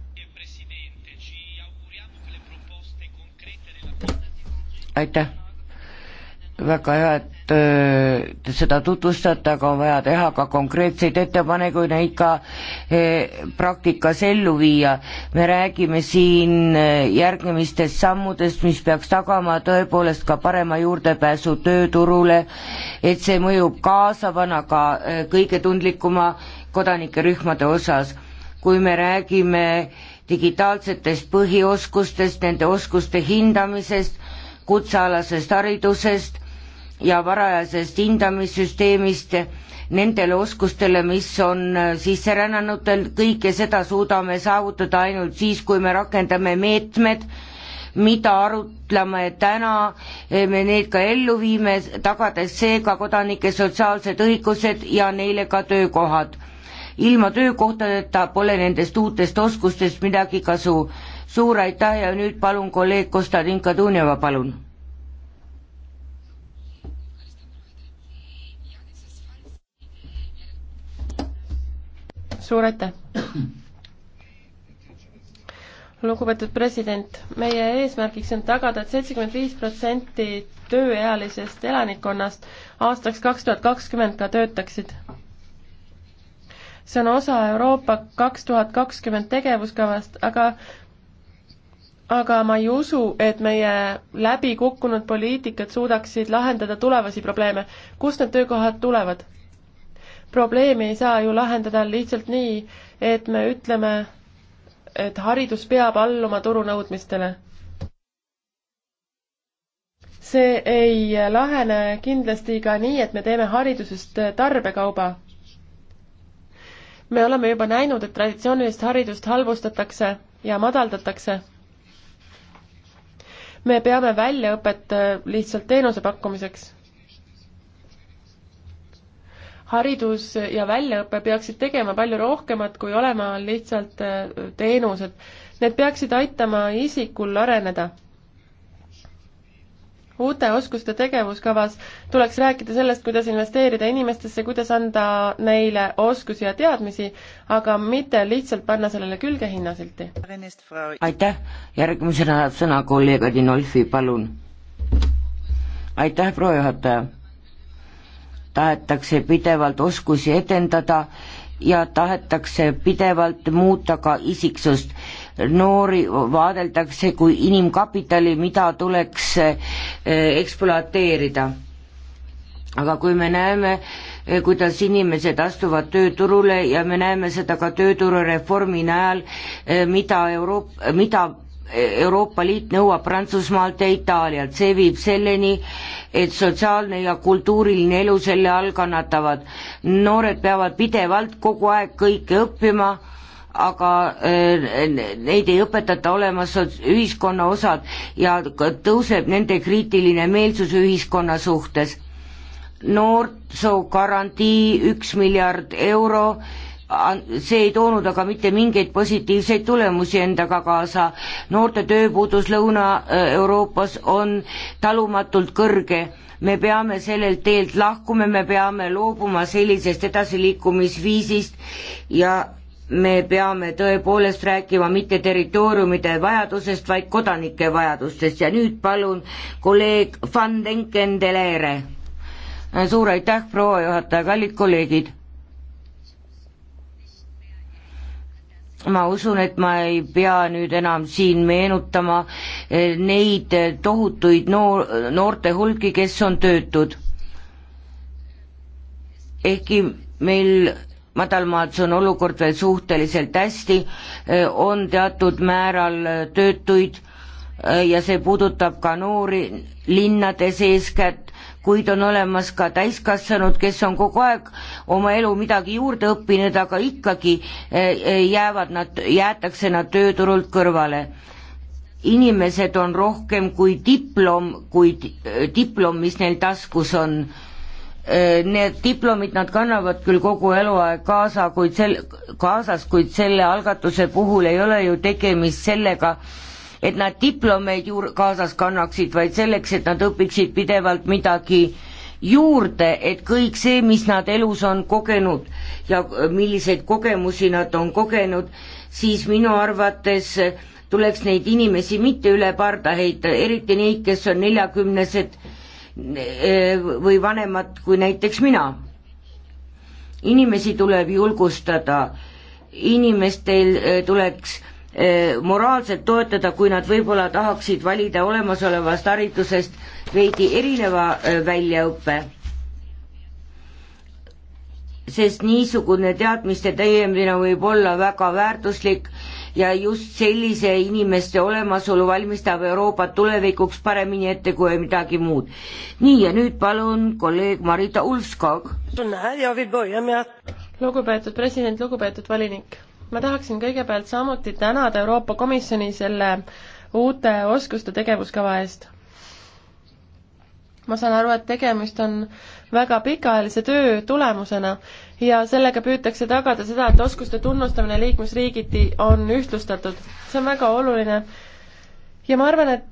A: aitäh! väga hea, et Äh, seda tutvustate, aga on vaja teha ka konkreetseid ettepanekuid, neid ka äh, praktikas ellu viia. me räägime siin äh, järgnemistest sammudest, mis peaks tagama tõepoolest ka parema juurdepääsu tööturule, et see mõjub kaasavana ka kõige tundlikuma kodanikerühmade osas. kui me räägime digitaalsetest põhioskustest, nende oskuste hindamisest, kutsealasest haridusest, ja varajasest hindamissüsteemist nendele oskustele, mis on äh, sisserännanutel, kõike seda suudame saavutada ainult siis, kui me rakendame meetmed, mida arutleme täna, äh, me need ka ellu viime, tagades seega kodanike sotsiaalsed õigused ja neile ka töökohad. ilma töökohtadeta pole nendest uutest oskustest midagi kasu. suur aitäh ja nüüd palun kolleeg Konstantin Kadunjeva, palun
C: suur aitäh! lugupeetud president, meie eesmärgiks on tagada et, et seitsekümmend viis protsenti tööealisest elanikkonnast aastaks kaks tuhat kakskümmend ka töötaksid. see on osa Euroopa kaks tuhat kakskümmend tegevuskavast, aga aga ma ei usu, et meie läbikukkunud poliitikad suudaksid lahendada tulevasi probleeme. kust need töökohad tulevad? probleemi ei saa ju lahendada lihtsalt nii, et me ütleme, et haridus peab alluma turunõudmistele. see ei lahene kindlasti ka nii, et me teeme haridusest tarbekauba. me oleme juba näinud, et traditsioonilist haridust halvustatakse ja madaldatakse. me peame väljaõpet lihtsalt teenuse pakkumiseks haridus ja väljaõpe peaksid tegema palju rohkemat, kui olema lihtsalt äh, teenused. Need peaksid aitama isikul areneda. uute oskuste tegevuskavas tuleks rääkida sellest, kuidas investeerida inimestesse, kuidas anda neile oskusi ja teadmisi, aga mitte lihtsalt panna sellele külge hinnasilti.
A: aitäh, järgmisena sõna kolleeg Adinolfi, palun. aitäh, proua juhataja tahetakse pidevalt oskusi edendada ja tahetakse pidevalt muuta ka isiksust. noori vaadeldakse kui inimkapitali, mida tuleks eh, ekspluateerida. aga kui me näeme, eh, kuidas inimesed astuvad tööturule ja me näeme seda ka tööturureformi najal, eh, mida Euroop-, mida Euroopa Liit nõuab Prantsusmaalt ja Itaalialt, see viib selleni, et sotsiaalne ja kultuuriline elu selle all kannatavad. noored peavad pidevalt kogu aeg kõike õppima, aga eh, neid ei õpetata olema ühiskonna osad ja tõuseb nende kriitiline meelsus ühiskonna suhtes. noorsoogarantii üks miljard euro see ei toonud aga mitte mingeid positiivseid tulemusi endaga kaasa. noorte tööpuudus Lõuna-Euroopas äh, on talumatult kõrge. me peame sellelt teelt lahkuma, me peame loobuma sellisest edasiliikumisviisist ja me peame tõepoolest rääkima mitte territooriumide vajadusest, vaid kodanike vajadustest ja nüüd palun kolleeg Van Denken de Leere. suur aitäh, proua juhataja, kallid kolleegid ma usun, et ma ei pea nüüd enam siin meenutama eh, neid eh, tohutuid noor, noorte hulki, kes on töötud. ehkki meil madalmaades on olukord veel suhteliselt hästi, eh, on teatud määral töötuid ja see puudutab ka noori linnades eeskätt, kuid on olemas ka täiskasvanud, kes on kogu aeg oma elu midagi juurde õppinud, aga ikkagi eh, eh, jäävad nad, jäetakse nad tööturult kõrvale. inimesed on rohkem kui diplom, kui eh, diplom, mis neil taskus on. Need diplomid nad kannavad küll kogu eluaeg kaasa, kuid sel-, kaasas, kuid selle algatuse puhul ei ole ju tegemist sellega, et nad diplomeid juur-, kaasas kannaksid, vaid selleks, et nad õpiksid pidevalt midagi juurde, et kõik see, mis nad elus on kogenud ja äh, milliseid kogemusi nad on kogenud, siis minu arvates äh, tuleks neid inimesi mitte üle parda heita, eriti neid, kes on neljakümnesed äh, või vanemad kui näiteks mina. inimesi tuleb julgustada, inimestel tuleks Eh, moraalselt toetada, kui nad võib-olla tahaksid valida olemasolevast haridusest veidi erineva eh, väljaõppe. sest niisugune teadmiste täiendamine võib olla väga väärtuslik ja just sellise inimeste olemasolu valmistab Euroopat tulevikuks paremini ette kui midagi muud. nii ja nüüd palun kolleeg Marita Ulfskog.
C: lugupeetud president, lugupeetud volinik ma tahaksin kõigepealt samuti tänada Euroopa Komisjoni selle uute oskuste tegevuskava eest. ma saan aru, et tegemist on väga pikaajalise töö tulemusena ja sellega püütakse tagada seda, et oskuste tunnustamine liikmesriigiti on ühtlustatud. see on väga oluline ja ma arvan, et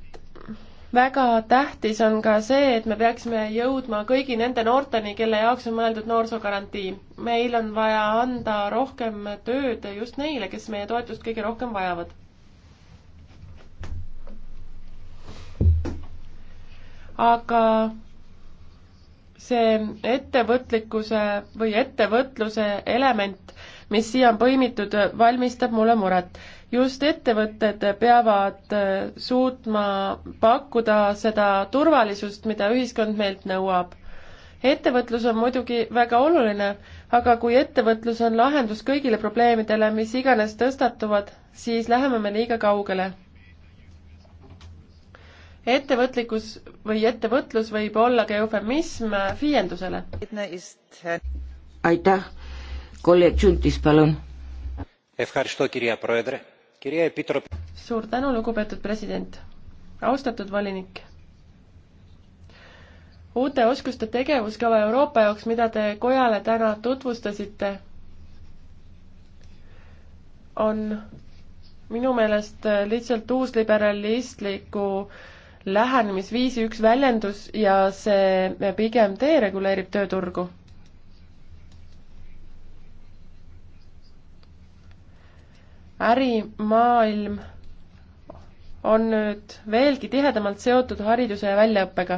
C: väga tähtis on ka see, et me peaksime jõudma kõigi nende noorteni, kelle jaoks on mõeldud noorsoogarantii. meil on vaja anda rohkem tööd just neile, kes meie toetust kõige rohkem vajavad. aga see ettevõtlikkuse või ettevõtluse element, mis siia on põimitud, valmistab mulle muret just ettevõtted peavad äh, suutma pakkuda seda turvalisust, mida ühiskond meilt nõuab. ettevõtlus on muidugi väga oluline, aga kui ettevõtlus on lahendus kõigile probleemidele, mis iganes tõstatuvad, siis läheme me liiga kaugele. ettevõtlikkus või ettevõtlus võib olla ka eufemism FIE-ndusele.
A: aitäh, kolleeg Tšuntis, palun.
D: Ευχαριστώ κυρία Πρόεδρε suur
C: tänu, lugupeetud president. austatud volinik. uute oskuste tegevuskava Euroopa jaoks, mida te kojale täna tutvustasite, on minu meelest lihtsalt uusliberalistliku lähenemisviisi üks väljendus ja see pigem dereguleerib tööturgu ärimaailm on nüüd veelgi tihedamalt seotud hariduse ja väljaõppega.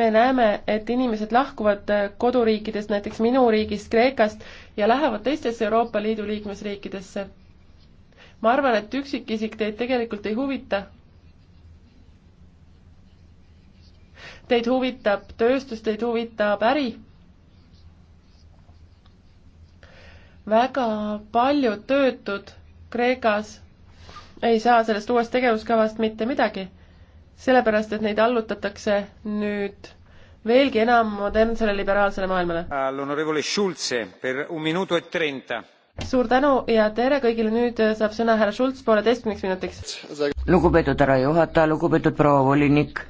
C: me näeme, et inimesed lahkuvad koduriikidest, näiteks minu riigist, Kreekast, ja lähevad teistesse Euroopa Liidu liikmesriikidesse. ma arvan, et üksikisik teid tegelikult ei huvita. Teid huvitab tööstus, teid huvitab äri väga paljud töötud Kreekas ei saa sellest uuest tegevuskavast mitte midagi, sellepärast et neid allutatakse nüüd veelgi enam modernsele liberaalsele maailmale. E suur tänu ja tere kõigile, nüüd saab sõna härra Schulz pooleteistkümneks minutiks.
A: lugupeetud härra juhataja, lugupeetud proua volinik,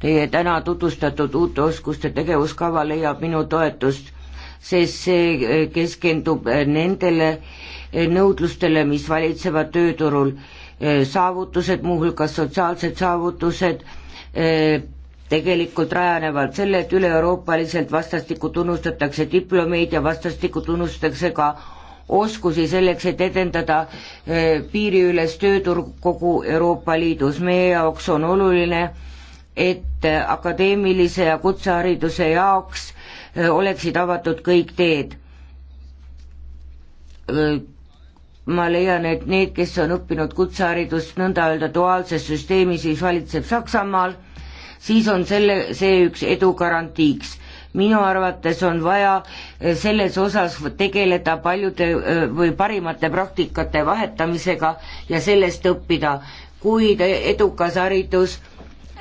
A: teie täna tutvustatud uute oskuste tegevuskava leiab minu toetust sest see eh, keskendub eh, nendele eh, nõudlustele, mis valitsevad tööturul, saavutused, muuhulgas sotsiaalsed saavutused, tegelikult rajanevad selle, et üle-euroopaliselt vastastikku tunnustatakse diplomeid ja vastastikku tunnustatakse ka oskusi selleks, et edendada piiriüles tööturg kogu Euroopa Liidus. meie jaoks on oluline, et akadeemilise ja kutsehariduse jaoks oleksid avatud kõik teed. ma leian, et need, kes on õppinud kutseharidust nõnda öelda duaalses süsteemis, mis valitseb Saksamaal, siis on selle, see üks edu garantiiks minu arvates on vaja selles osas tegeleda paljude või parimate praktikate vahetamisega ja sellest õppida, kuid edukas haridus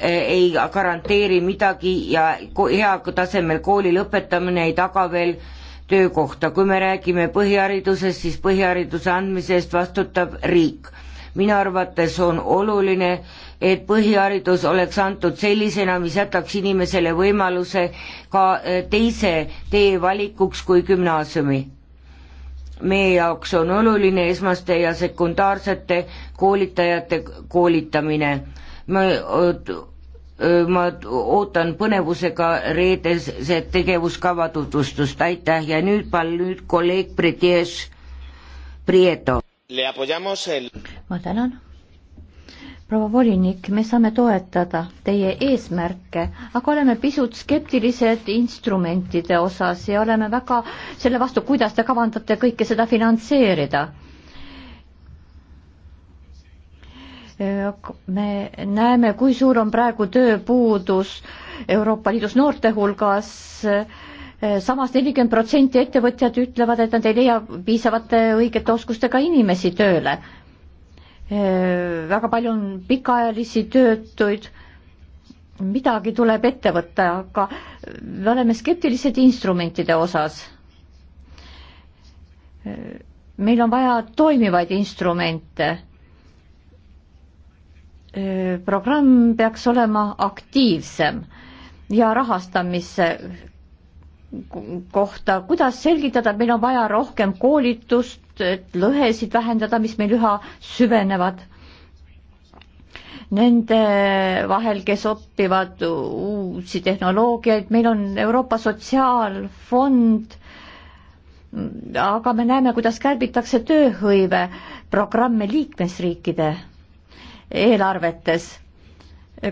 A: Eh, ei garanteeri midagi ja hea tasemel kooli lõpetamine ei taga veel töökohta. kui me räägime põhiharidusest, siis põhihariduse andmise eest vastutab riik. minu arvates on oluline, et põhiharidus oleks antud sellisena, mis jätaks inimesele võimaluse ka eh, teise tee valikuks kui gümnaasiumi. meie jaoks on oluline esmaste ja sekundaarsete koolitajate koolitamine ma, ma ootan põnevusega reedese tegevuskava tutvustust, aitäh ja nüüd pal-, nüüd kolleeg Pretjes Prieto. El... ma tänan proua volinik, me saame
B: toetada teie eesmärke, aga oleme pisut skeptilised instrumentide osas ja oleme väga selle vastu, kuidas te kavandate kõike seda finantseerida me näeme, kui suur on praegu tööpuudus Euroopa Liidus noorte hulgas samas, samas nelikümmend protsenti ettevõtjad ütlevad, et nad ei leia piisavate õigete oskustega inimesi tööle. väga palju on pikaajalisi töötuid, midagi tuleb ette võtta, aga me oleme skeptilised instrumentide osas meil on vaja toimivaid instrumente programm peaks olema aktiivsem ja rahastamise kohta, kuidas selgitada, et meil on vaja rohkem koolitust, et lõhesid vähendada, mis meil üha süvenevad. Nende vahel, kes õpivad uusi tehnoloogiaid, meil on Euroopa Sotsiaalfond, aga me näeme, kuidas kärbitakse tööhõive programme liikmesriikide eelarvetes.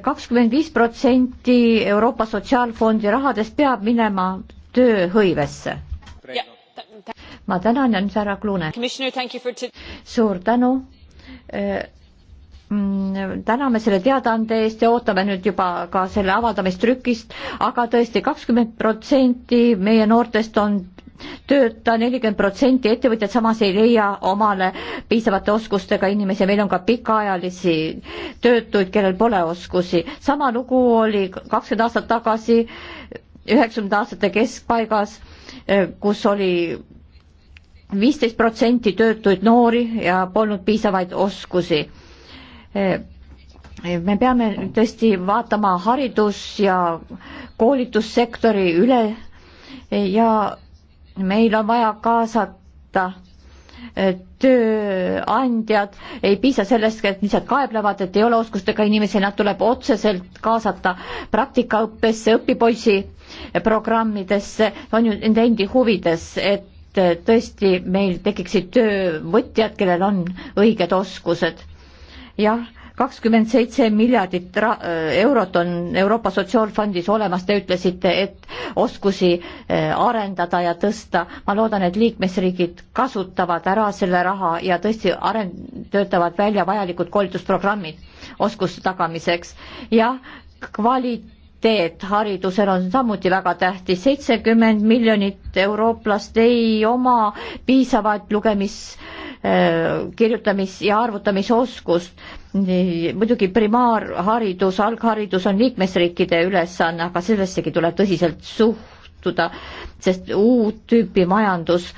B: kakskümmend viis protsenti Euroopa Sotsiaalfondi rahadest peab minema tööhõivesse. ma tänan ja nüüd härra Klune. suur tänu äh, mm, täname selle teadaande eest ja ootame nüüd juba ka selle avaldamist trükist, aga tõesti kakskümmend protsenti meie noortest on tööta, nelikümmend protsenti ettevõtjad samas ei leia omale piisavate oskustega inimesi, meil on ka pikaajalisi töötuid, kellel pole oskusi. sama lugu oli kakskümmend aastat tagasi, üheksakümnendate aastate keskpaigas, eh, kus oli viisteist protsenti töötuid noori ja polnud piisavaid oskusi eh, me peame tõesti vaatama haridus- ja koolitussektori üle ja meil on vaja kaasata äh, tööandjad, ei piisa sellest, et lihtsalt kaeblevad, et ei ole oskustega inimesi, nad tuleb otseselt kaasata praktikaõppesse, õpipoisi programmidesse, on ju nende endi huvides, et äh, tõesti meil tekiksid töövõtjad, kellel on õiged oskused. jah, kakskümmend seitse miljardit äh, eurot on Euroopa Sotsiaalfondis olemas, te ütlesite, et oskusi äh, arendada ja tõsta. ma loodan, et liikmesriigid kasutavad ära selle raha ja tõesti arend-, töötavad välja vajalikud koolitusprogrammid oskuste tagamiseks. jah, kvaliteet haridusel on samuti väga tähtis, seitsekümmend miljonit eurooplast ei oma piisavat lugemis, äh, kirjutamis- ja arvutamisoskust nii, muidugi primaarharidus, algharidus on liikmesriikide ülesanne, aga sellessegi tuleb tõsiselt suhtuda, sest uut tüüpi majandus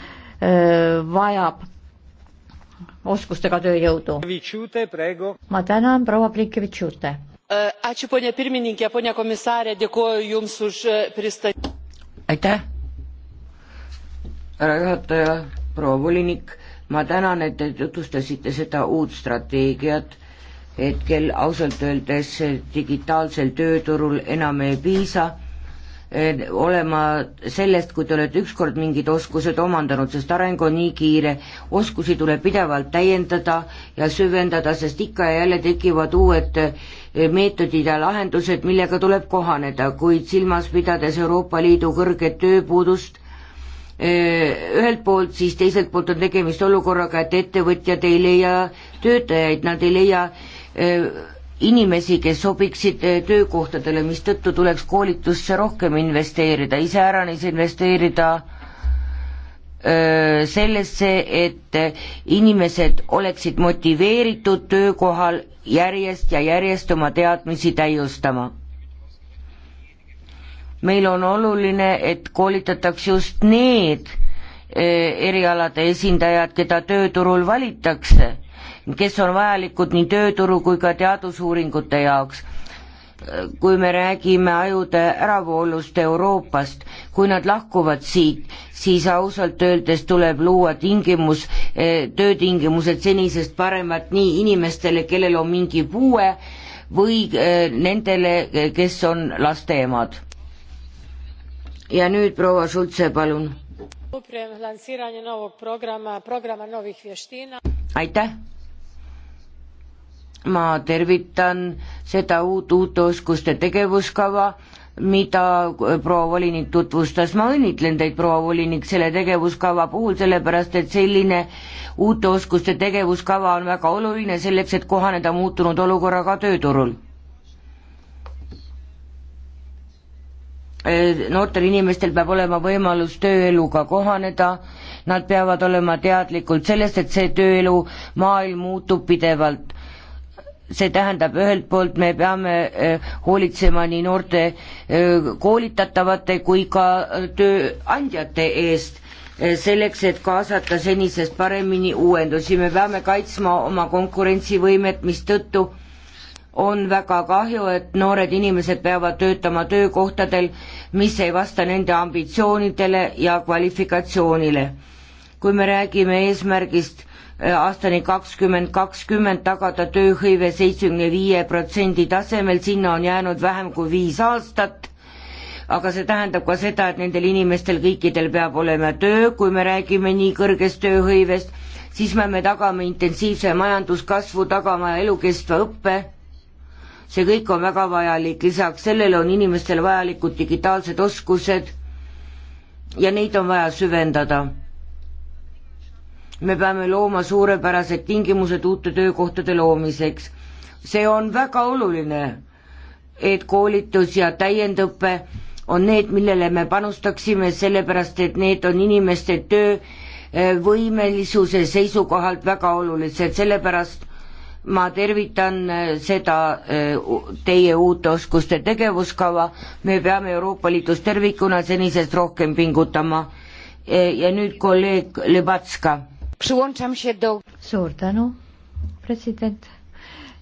B: öö, vajab oskustega tööjõudu. ma tänan, proua Plinkevitšute.
A: aitäh, härra juhataja, proua volinik, ma tänan, et te tutvustasite seda uut strateegiat hetkel ausalt öeldes digitaalsel tööturul enam ei piisa eh, olema sellest, kui te olete ükskord mingid oskused omandanud, sest areng on nii kiire, oskusi tuleb pidevalt täiendada ja süvendada, sest ikka ja jälle tekivad uued eh, meetodid ja lahendused, millega tuleb kohaneda, kuid silmas pidades Euroopa Liidu kõrget tööpuudust, eh, ühelt poolt, siis teiselt poolt on tegemist olukorraga, et ettevõtjad ei leia töötajaid, nad ei leia äh, Äh, inimesi, kes sobiksid äh, töökohtadele, mistõttu tuleks koolitusse rohkem investeerida, iseäranis investeerida äh, sellesse, et inimesed oleksid motiveeritud töökohal järjest ja järjest oma teadmisi täiustama. meil on oluline, et koolitataks just need erialade esindajad, keda tööturul valitakse kes on vajalikud nii tööturu kui ka teadusuuringute jaoks. kui me räägime ajude äravoolust Euroopast, kui nad lahkuvad siit, siis ausalt öeldes tuleb luua tingimus, e, töötingimused senisest paremad nii inimestele, kellel on mingi puue, või e, nendele, e, kes on laste emad. ja nüüd proua Schulze, palun. aitäh ma tervitan seda uut uute oskuste tegevuskava, mida proua volinik tutvustas, ma õnnitlen teid, proua volinik, selle tegevuskava puhul, sellepärast et selline uute oskuste tegevuskava on väga oluline selleks, et kohaneda muutunud olukorraga tööturul. noortel inimestel peab olema võimalus tööeluga kohaneda, nad peavad olema teadlikud sellest, et see tööelu maailm muutub pidevalt see tähendab ühelt poolt me peame eh, hoolitsema nii noorte eh, koolitatavate kui ka tööandjate eest, eh, selleks, et kaasata senisest paremini uuendusi, me peame kaitsma oma konkurentsivõimet, mistõttu on väga kahju, et noored inimesed peavad töötama töökohtadel, mis ei vasta nende ambitsioonidele ja kvalifikatsioonile. kui me räägime eesmärgist Äh, aastani kakskümmend kakskümmend tagada tööhõive seitsmekümne viie protsendi tasemel, sinna on jäänud vähem kui viis aastat, aga see tähendab ka seda, et nendel inimestel kõikidel peab olema töö, kui me räägime nii kõrgest tööhõivest, siis me, me tagame intensiivse majanduskasvu, tagame elukestva õppe, see kõik on väga vajalik, lisaks sellele on inimestel vajalikud digitaalsed oskused ja neid on vaja süvendada me peame looma suurepärased tingimused uute töökohtade loomiseks. see on väga oluline, et koolitus ja täiendõpe on need, millele me panustaksime, sellepärast et need on inimeste töövõimelisuse seisukohalt väga olulised, sellepärast ma tervitan äh, seda äh, teie uute oskuste tegevuskava, me peame Euroopa Liidus tervikuna senisest rohkem pingutama. Äh, ja nüüd kolleeg Lebatska przyłączam się do... suur tänu,
B: president.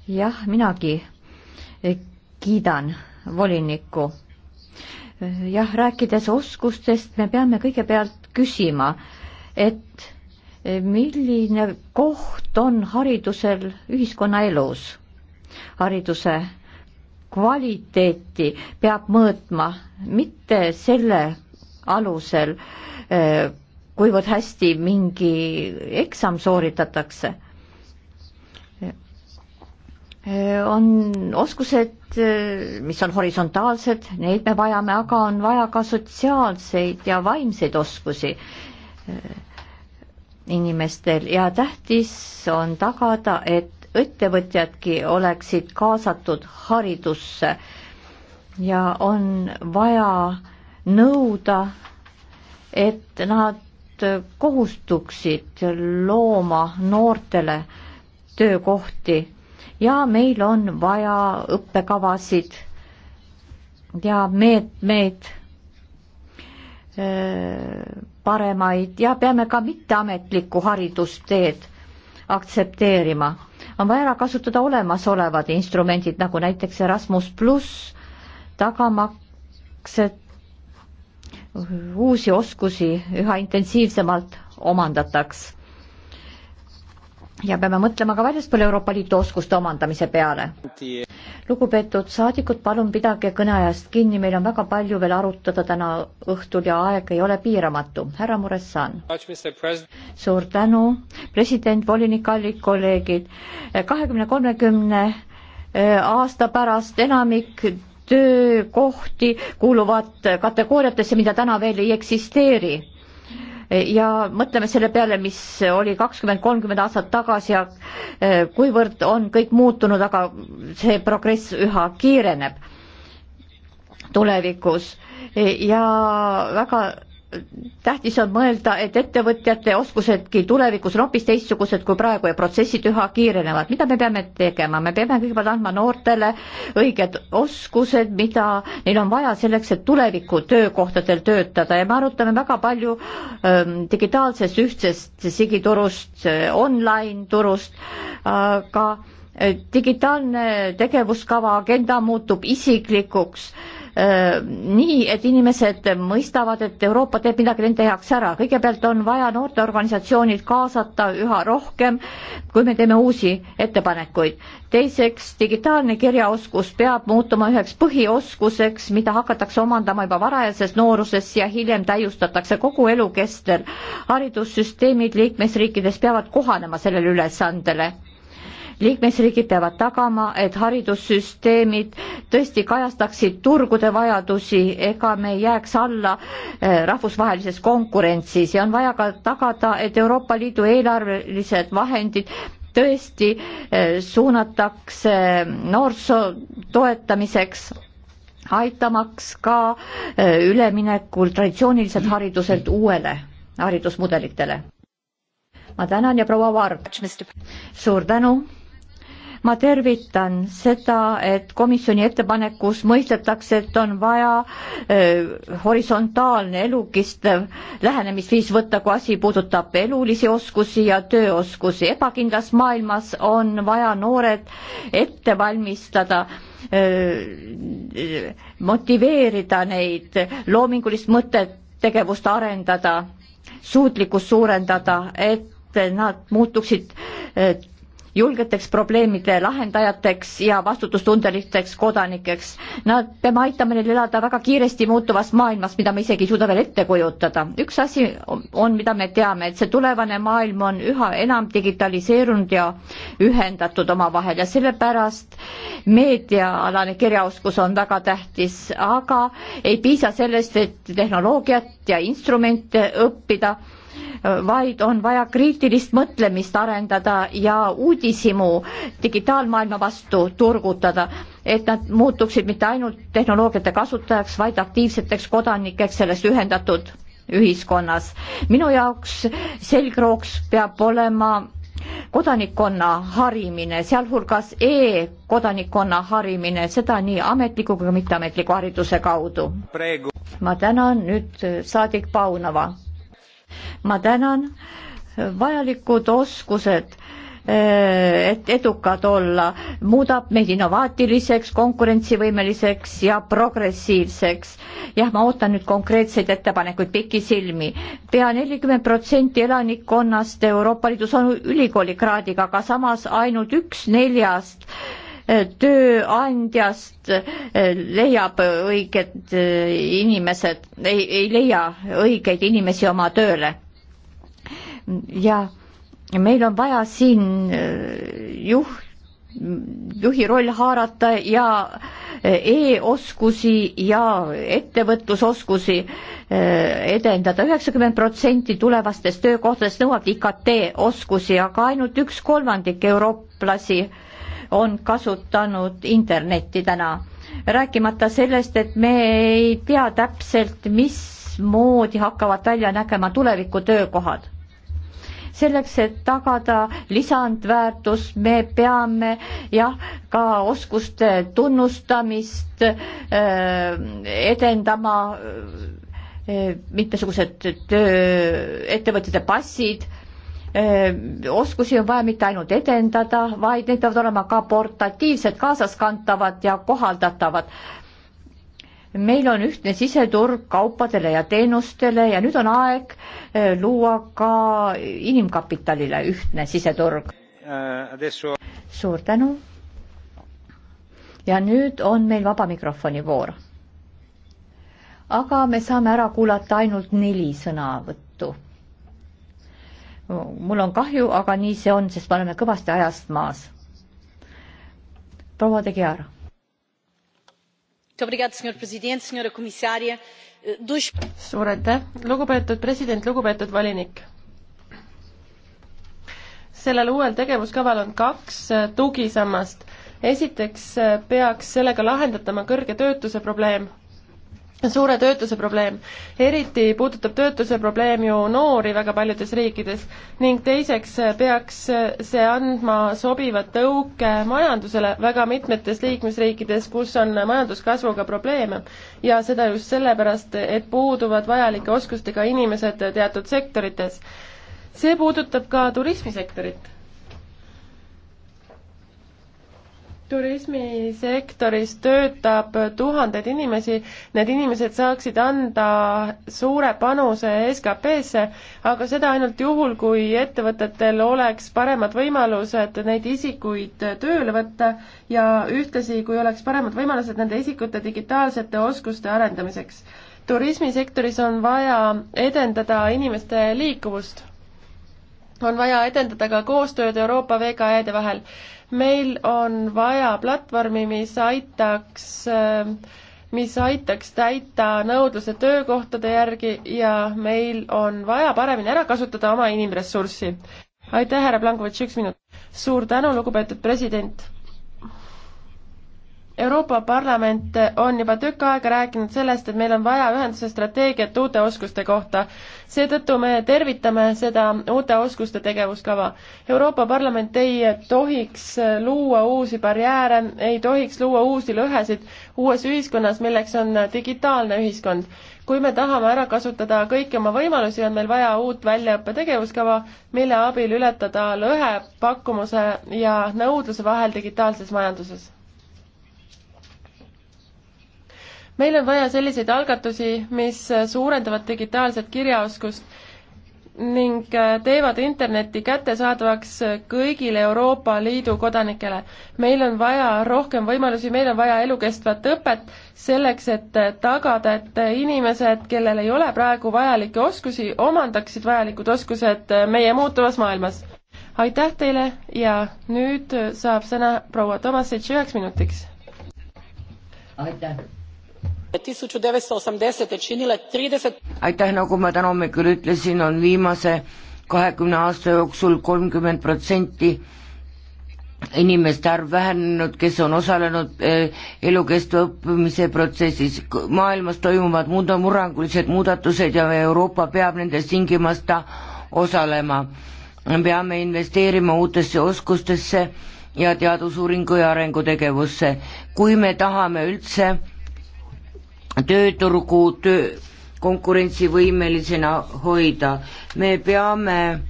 B: jah, minagi e, kiidan volinikku. E, jah, rääkides oskustest, me peame kõigepealt küsima, et e, milline koht on haridusel ühiskonnaelus? hariduse kvaliteeti peab mõõtma mitte selle alusel, kuivõrd hästi mingi eksam sooritatakse. on oskused, mis on horisontaalsed, neid me vajame, aga on vaja ka sotsiaalseid ja vaimseid oskusi inimestel ja tähtis on tagada, et ettevõtjadki oleksid kaasatud haridusse ja on vaja nõuda, et nad kohustuksid looma noortele töökohti ja meil on vaja õppekavasid ja meetmeid äh, paremaid ja peame ka mitteametlikku haridusteed aktsepteerima. on vaja ära kasutada olemasolevad instrumendid, nagu näiteks Erasmus pluss, tagamaks, et uusi oskusi üha intensiivsemalt omandataks. ja peame mõtlema ka väljaspool Euroopa Liitu oskuste omandamise peale. lugupeetud saadikud, palun pidage kõneajast kinni, meil on väga palju veel arutada täna õhtul ja aeg ei ole piiramatu. härra Muressan. suur tänu, president, volinik, kallid kolleegid. kahekümne, kolmekümne äh, aasta pärast enamik töökohti kuuluvad kategooriatesse, mida täna veel ei eksisteeri. ja mõtleme selle peale, mis oli kakskümmend, kolmkümmend aastat tagasi ja eh, kuivõrd on kõik muutunud, aga see progress üha kiireneb tulevikus ja väga tähtis on mõelda, et ettevõtjate oskusedki tulevikus on hoopis teistsugused kui praegu ja protsessid üha kiirenevad. mida me peame tegema, me peame kõigepealt andma noortele õiged oskused, mida neil on vaja selleks, et tuleviku töökohtadel töötada ja me arutame väga palju ähm, digitaalsest ühtsest sigiturust äh,, online turust äh,, ka digitaalne tegevuskava agenda muutub isiklikuks äh, Äh, nii, et inimesed mõistavad, et Euroopa teeb midagi nende heaks ära. kõigepealt on vaja noorteorganisatsioonid kaasata üha rohkem, kui me teeme uusi ettepanekuid. teiseks, digitaalne kirjaoskus peab muutuma üheks põhioskuseks, mida hakatakse omandama juba varajases nooruses ja hiljem täiustatakse kogu elu kestel. haridussüsteemid liikmesriikides peavad kohanema sellele ülesandele liikmesriigid peavad tagama, et haridussüsteemid tõesti kajastaksid turgude vajadusi, ega me ei jääks alla eh, rahvusvahelises konkurentsis ja on vaja ka tagada, et Euroopa Liidu eelarvelised vahendid tõesti eh, suunatakse noorsoo toetamiseks, aitamaks ka eh, üleminekul traditsiooniliselt hariduselt uuele haridusmudelitele. ma tänan ja proua Varg, suur tänu ma tervitan seda, et komisjoni ettepanekus mõistetakse, et on vaja eh, horisontaalne elukistev lähenemisviis võtta, kui asi puudutab elulisi oskusi ja tööoskusi. ebakindlas maailmas on vaja noored ette valmistada eh,, motiveerida neid loomingulist mõtet, tegevust arendada, suutlikkust suurendada, et nad muutuksid eh, julgeteks probleemide lahendajateks ja vastutustundelisteks kodanikeks. Nad, peame aitama neil elada väga kiiresti muutuvas maailmas, mida me isegi ei suuda veel ette kujutada. üks asi on, mida me teame, et see tulevane maailm on üha enam digitaliseerunud ja ühendatud omavahel ja sellepärast meediaalane kirjaoskus on väga tähtis, aga ei piisa sellest, et tehnoloogiat ja instrumente õppida vaid on vaja kriitilist mõtlemist arendada ja uudishimu digitaalmaailma vastu turgutada, et nad muutuksid mitte ainult tehnoloogiate kasutajaks, vaid aktiivseteks kodanikeks selles ühendatud ühiskonnas. minu jaoks selgrooks peab olema kodanikkonna harimine, sealhulgas e-kodanikkonna harimine, seda nii ametliku kui mitteametliku hariduse kaudu. ma tänan nüüd saadik Paunova ma tänan, vajalikud oskused eh, et edukad olla, muudab meid innovaatiliseks, konkurentsivõimeliseks ja progressiivseks. jah, ma ootan nüüd konkreetseid ettepanekuid pikisilmi pea. pea nelikümmend protsenti elanikkonnast Euroopa Liidus on ülikoolikraadiga, aga samas ainult üks neljast äh, tööandjast eh, leiab õiged eh, inimesed, ei, ei leia õigeid inimesi oma tööle. ja meil on vaja siin eh, juht, juhi roll haarata ja e-oskusi ja ettevõtlusoskusi edendada. üheksakümmend protsenti tulevastest töökohtadest nõuab IKT oskusi, aga ainult üks kolmandik eurooplasi on kasutanud internetti täna. rääkimata sellest, et me ei tea täpselt, mismoodi hakkavad välja nägema tuleviku töökohad. selleks, et tagada lisandväärtus, me peame jah, ka oskuste tunnustamist öö, äh, edendama, äh, mitmesugused töö, ettevõtjate passid oskusi on vaja mitte ainult edendada, vaid need peavad olema ka portatiivsed, kaasaskantavad ja kohaldatavad. meil on ühtne siseturg kaupadele ja teenustele ja nüüd on aeg luua ka inimkapitalile ühtne siseturg. suur tänu. ja nüüd on meil vaba mikrofoni voor. aga me saame ära kuulata ainult neli sõnavõttu mul on kahju, aga nii see on, sest me oleme kõvasti ajast maas. proua Tegiar.
C: suur aitäh, lugupeetud president, lugupeetud volinik. sellel uuel tegevuskaval on kaks äh, tugisammast. esiteks äh, peaks sellega lahendatama kõrge töötuse probleem suure töötuse probleem. eriti puudutab töötuse probleem ju noori väga paljudes riikides ning teiseks eh, peaks eh, see andma sobiva tõuke majandusele väga mitmetes liikmesriikides, kus on majanduskasvuga probleeme. ja seda just sellepärast, et puuduvad vajalike oskustega inimesed teatud sektorites. see puudutab ka turismisektorit turismisektoris töötab tuhandeid inimesi, need inimesed saaksid anda suure panuse SKP-sse, aga seda ainult juhul, kui ettevõtetel oleks paremad võimalused neid isikuid tööle võtta ja ühtlasi, kui oleks paremad võimalused nende isikute digitaalsete oskuste arendamiseks. turismisektoris on vaja edendada inimeste liikuvust on vaja edendada ka koostööd Euroopa VKE-de vahel meil on vaja platvormi, mis aitaks, äh, mis aitaks täita nõudluse töökohtade järgi ja meil on vaja paremini ära kasutada oma inimressurssi. aitäh, härra Plankovitš, üks minut. suur tänu, lugupeetud president Euroopa Parlament on juba tükk aega rääkinud sellest, et meil on vaja ühenduse strateegiat uute oskuste kohta. seetõttu me tervitame seda uute oskuste tegevuskava. Euroopa Parlament ei tohiks luua uusi barjääre, ei tohiks luua uusi lõhesid uues ühiskonnas, milleks on digitaalne ühiskond kui me tahame ära kasutada kõiki oma võimalusi, on meil vaja uut väljaõppe tegevuskava, mille abil ületada lõhe pakkumuse ja nõudluse vahel digitaalses majanduses. meil on vaja selliseid algatusi, mis suurendavad digitaalset kirjaoskust ning äh, teevad Internetti kättesaadavaks kõigile Euroopa Liidu kodanikele. meil on vaja rohkem võimalusi, meil on vaja elukestvat õpet selleks, et äh, tagada, et äh, inimesed, kellel ei ole praegu vajalikke oskusi, omandaksid vajalikud oskused meie muutuvas maailmas. aitäh teile ja nüüd saab sõna proua Tomasitš üheks minutiks. aitäh
A: aitäh, nagu ma täna hommikul ütlesin, on viimase kahekümne aasta jooksul kolmkümmend protsenti inimeste arv vähenenud, kes on osalenud eh, elukestva õppimise protsessis. maailmas toimuvad muud murrangulised muudatused ja Euroopa peab nendes tingimata osalema. me peame investeerima uutesse oskustesse ja teadusuuringu ja arengutegevusse. kui me tahame üldse tööturgu töö, konkurentsivõimelisena hoida. me peame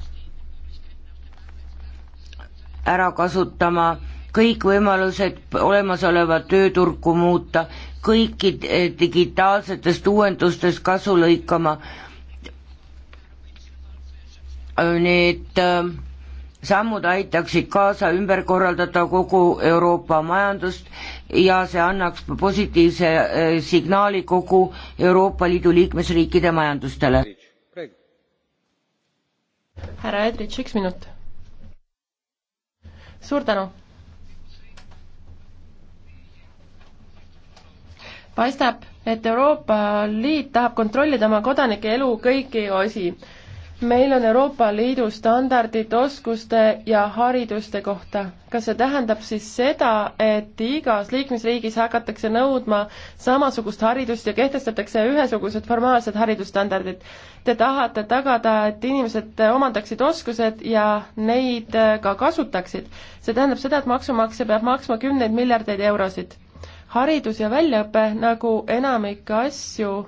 A: ära kasutama kõik võimalused olemasolevat tööturgu muuta, kõiki eh, digitaalsetest uuendustest kasu lõikama. Need äh, sammud aitaksid kaasa ümber korraldada kogu Euroopa majandust ja see annaks positiivse eh, signaali kogu Euroopa Liidu liikmesriikide majandustele. härra Edrich, üks minut. suur
C: tänu. paistab, et Euroopa Liit tahab kontrollida oma kodanike elu kõiki osi meil on Euroopa Liidu standardid oskuste ja hariduste kohta. kas see tähendab siis seda, et igas liikmesriigis hakatakse nõudma samasugust haridust ja kehtestatakse ühesugused formaalsed haridusstandardid? Te tahate tagada, et inimesed omandaksid oskused ja neid ka kasutaksid. see tähendab seda, et maksumaksja peab maksma kümneid miljardeid eurosid. haridus ja väljaõpe, nagu enamik asju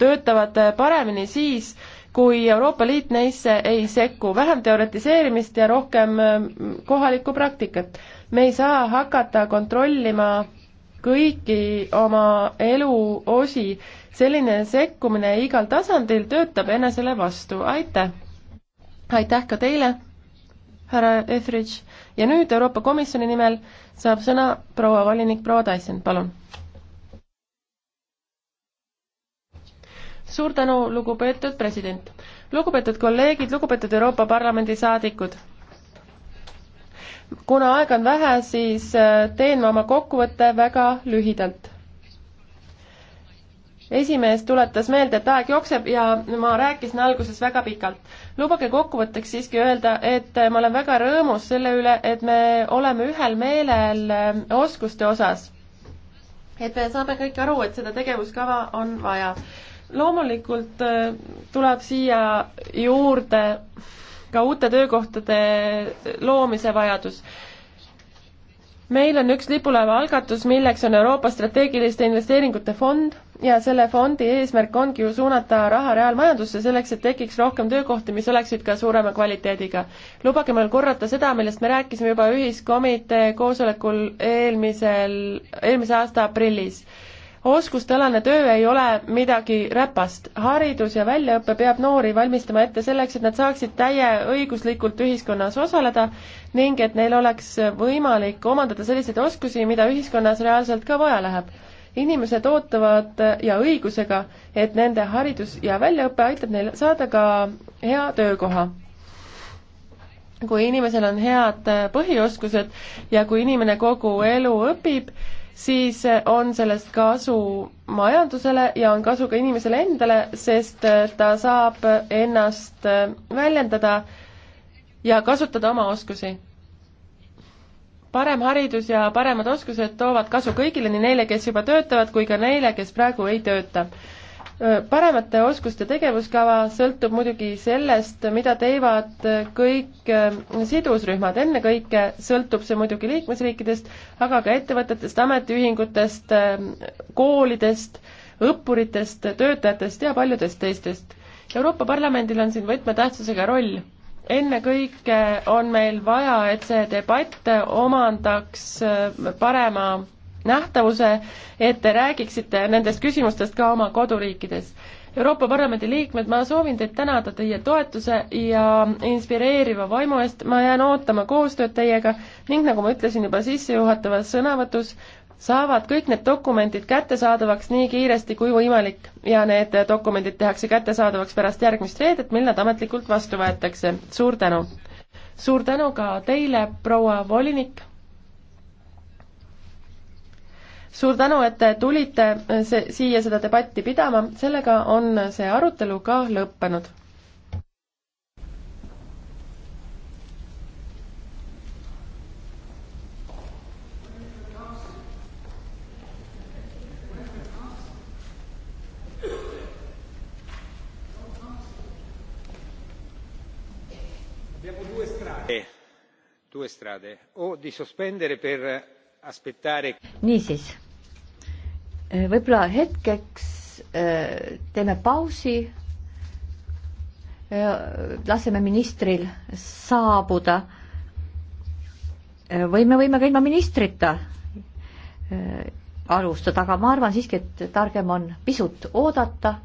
C: töötavad paremini siis, kui Euroopa Liit neisse ei sekku, vähem teoritiseerimist ja rohkem mm, kohalikku praktikat. me ei saa hakata kontrollima kõiki oma eluosi, selline sekkumine igal tasandil töötab enesele vastu, aitäh! aitäh ka teile, härra Efridž, ja nüüd Euroopa Komisjoni nimel saab sõna proua volinik proua Tyson, palun! suur tänu, lugupeetud president. lugupeetud kolleegid, lugupeetud Euroopa Parlamendi saadikud. kuna aega on vähe, siis äh, teen ma oma kokkuvõtte väga lühidalt. esimees tuletas meelde, et aeg jookseb ja ma rääkisin alguses väga pikalt. lubage kokkuvõtteks siiski öelda, et äh, ma olen väga rõõmus selle üle, et me oleme ühel meelel äh, oskuste osas et me saame kõik aru, et seda tegevuskava on vaja loomulikult äh, tuleb siia juurde ka uute töökohtade loomise vajadus. meil on üks lipulaeva algatus, milleks on Euroopa strateegiliste investeeringute fond ja selle fondi eesmärk ongi ju suunata raha reaalmajandusse selleks, et tekiks rohkem töökohti, mis oleksid ka suurema kvaliteediga. lubage mul korrata seda, millest me rääkisime juba ühiskomitee koosolekul eelmisel, eelmise aasta aprillis oskustealane töö ei ole midagi räpast. haridus ja väljaõpe peab noori valmistama ette selleks, et nad saaksid täieõiguslikult ühiskonnas osaleda ning et neil oleks võimalik omandada selliseid oskusi, mida ühiskonnas reaalselt ka vaja läheb. inimesed ootavad ja õigusega, et nende haridus ja väljaõpe aitab neil saada ka hea töökoha kui inimesel on head põhioskused ja kui inimene kogu elu õpib, siis eh, on sellest kasu majandusele ja on kasu ka inimesele endale, sest eh, ta saab ennast eh, väljendada ja kasutada oma oskusi. parem haridus ja paremad oskused toovad kasu kõigile, nii neile, kes juba töötavad, kui ka neile, kes praegu ei tööta paremate oskuste tegevuskava sõltub muidugi sellest, mida teevad kõik sidusrühmad, ennekõike sõltub see muidugi liikmesriikidest, aga ka ettevõtetest, ametiühingutest, koolidest, õppuritest, töötajatest ja paljudest teistest. Euroopa Parlamendil on siin võtmetähtsusega roll. ennekõike on meil vaja, et see debatt omandaks parema nähtavuse, et te räägiksite nendest küsimustest ka oma koduriikides. Euroopa Parlamendi liikmed, ma soovin teid tänada teie toetuse ja inspireeriva vaimu eest, ma jään ootama koostööd teiega ning nagu ma ütlesin juba sissejuhatavas sõnavõtus, saavad kõik need dokumendid kättesaadavaks nii kiiresti kui võimalik ja need dokumendid tehakse kättesaadavaks pärast järgmist reedet, mil nad ametlikult vastu võetakse. suur tänu! suur tänu ka teile, proua volinik! suur tänu, et te tulite äh, see, siia seda debatti pidama, sellega on see arutelu ka lõppenud.
D: due strade o di sospendere per aspettare.
B: niisiis Äh, võib-olla hetkeks äh, teeme pausi, äh, laseme ministril saabuda või me võime ka ilma ministrita alustada, aga ma arvan siiski, et targem on pisut oodata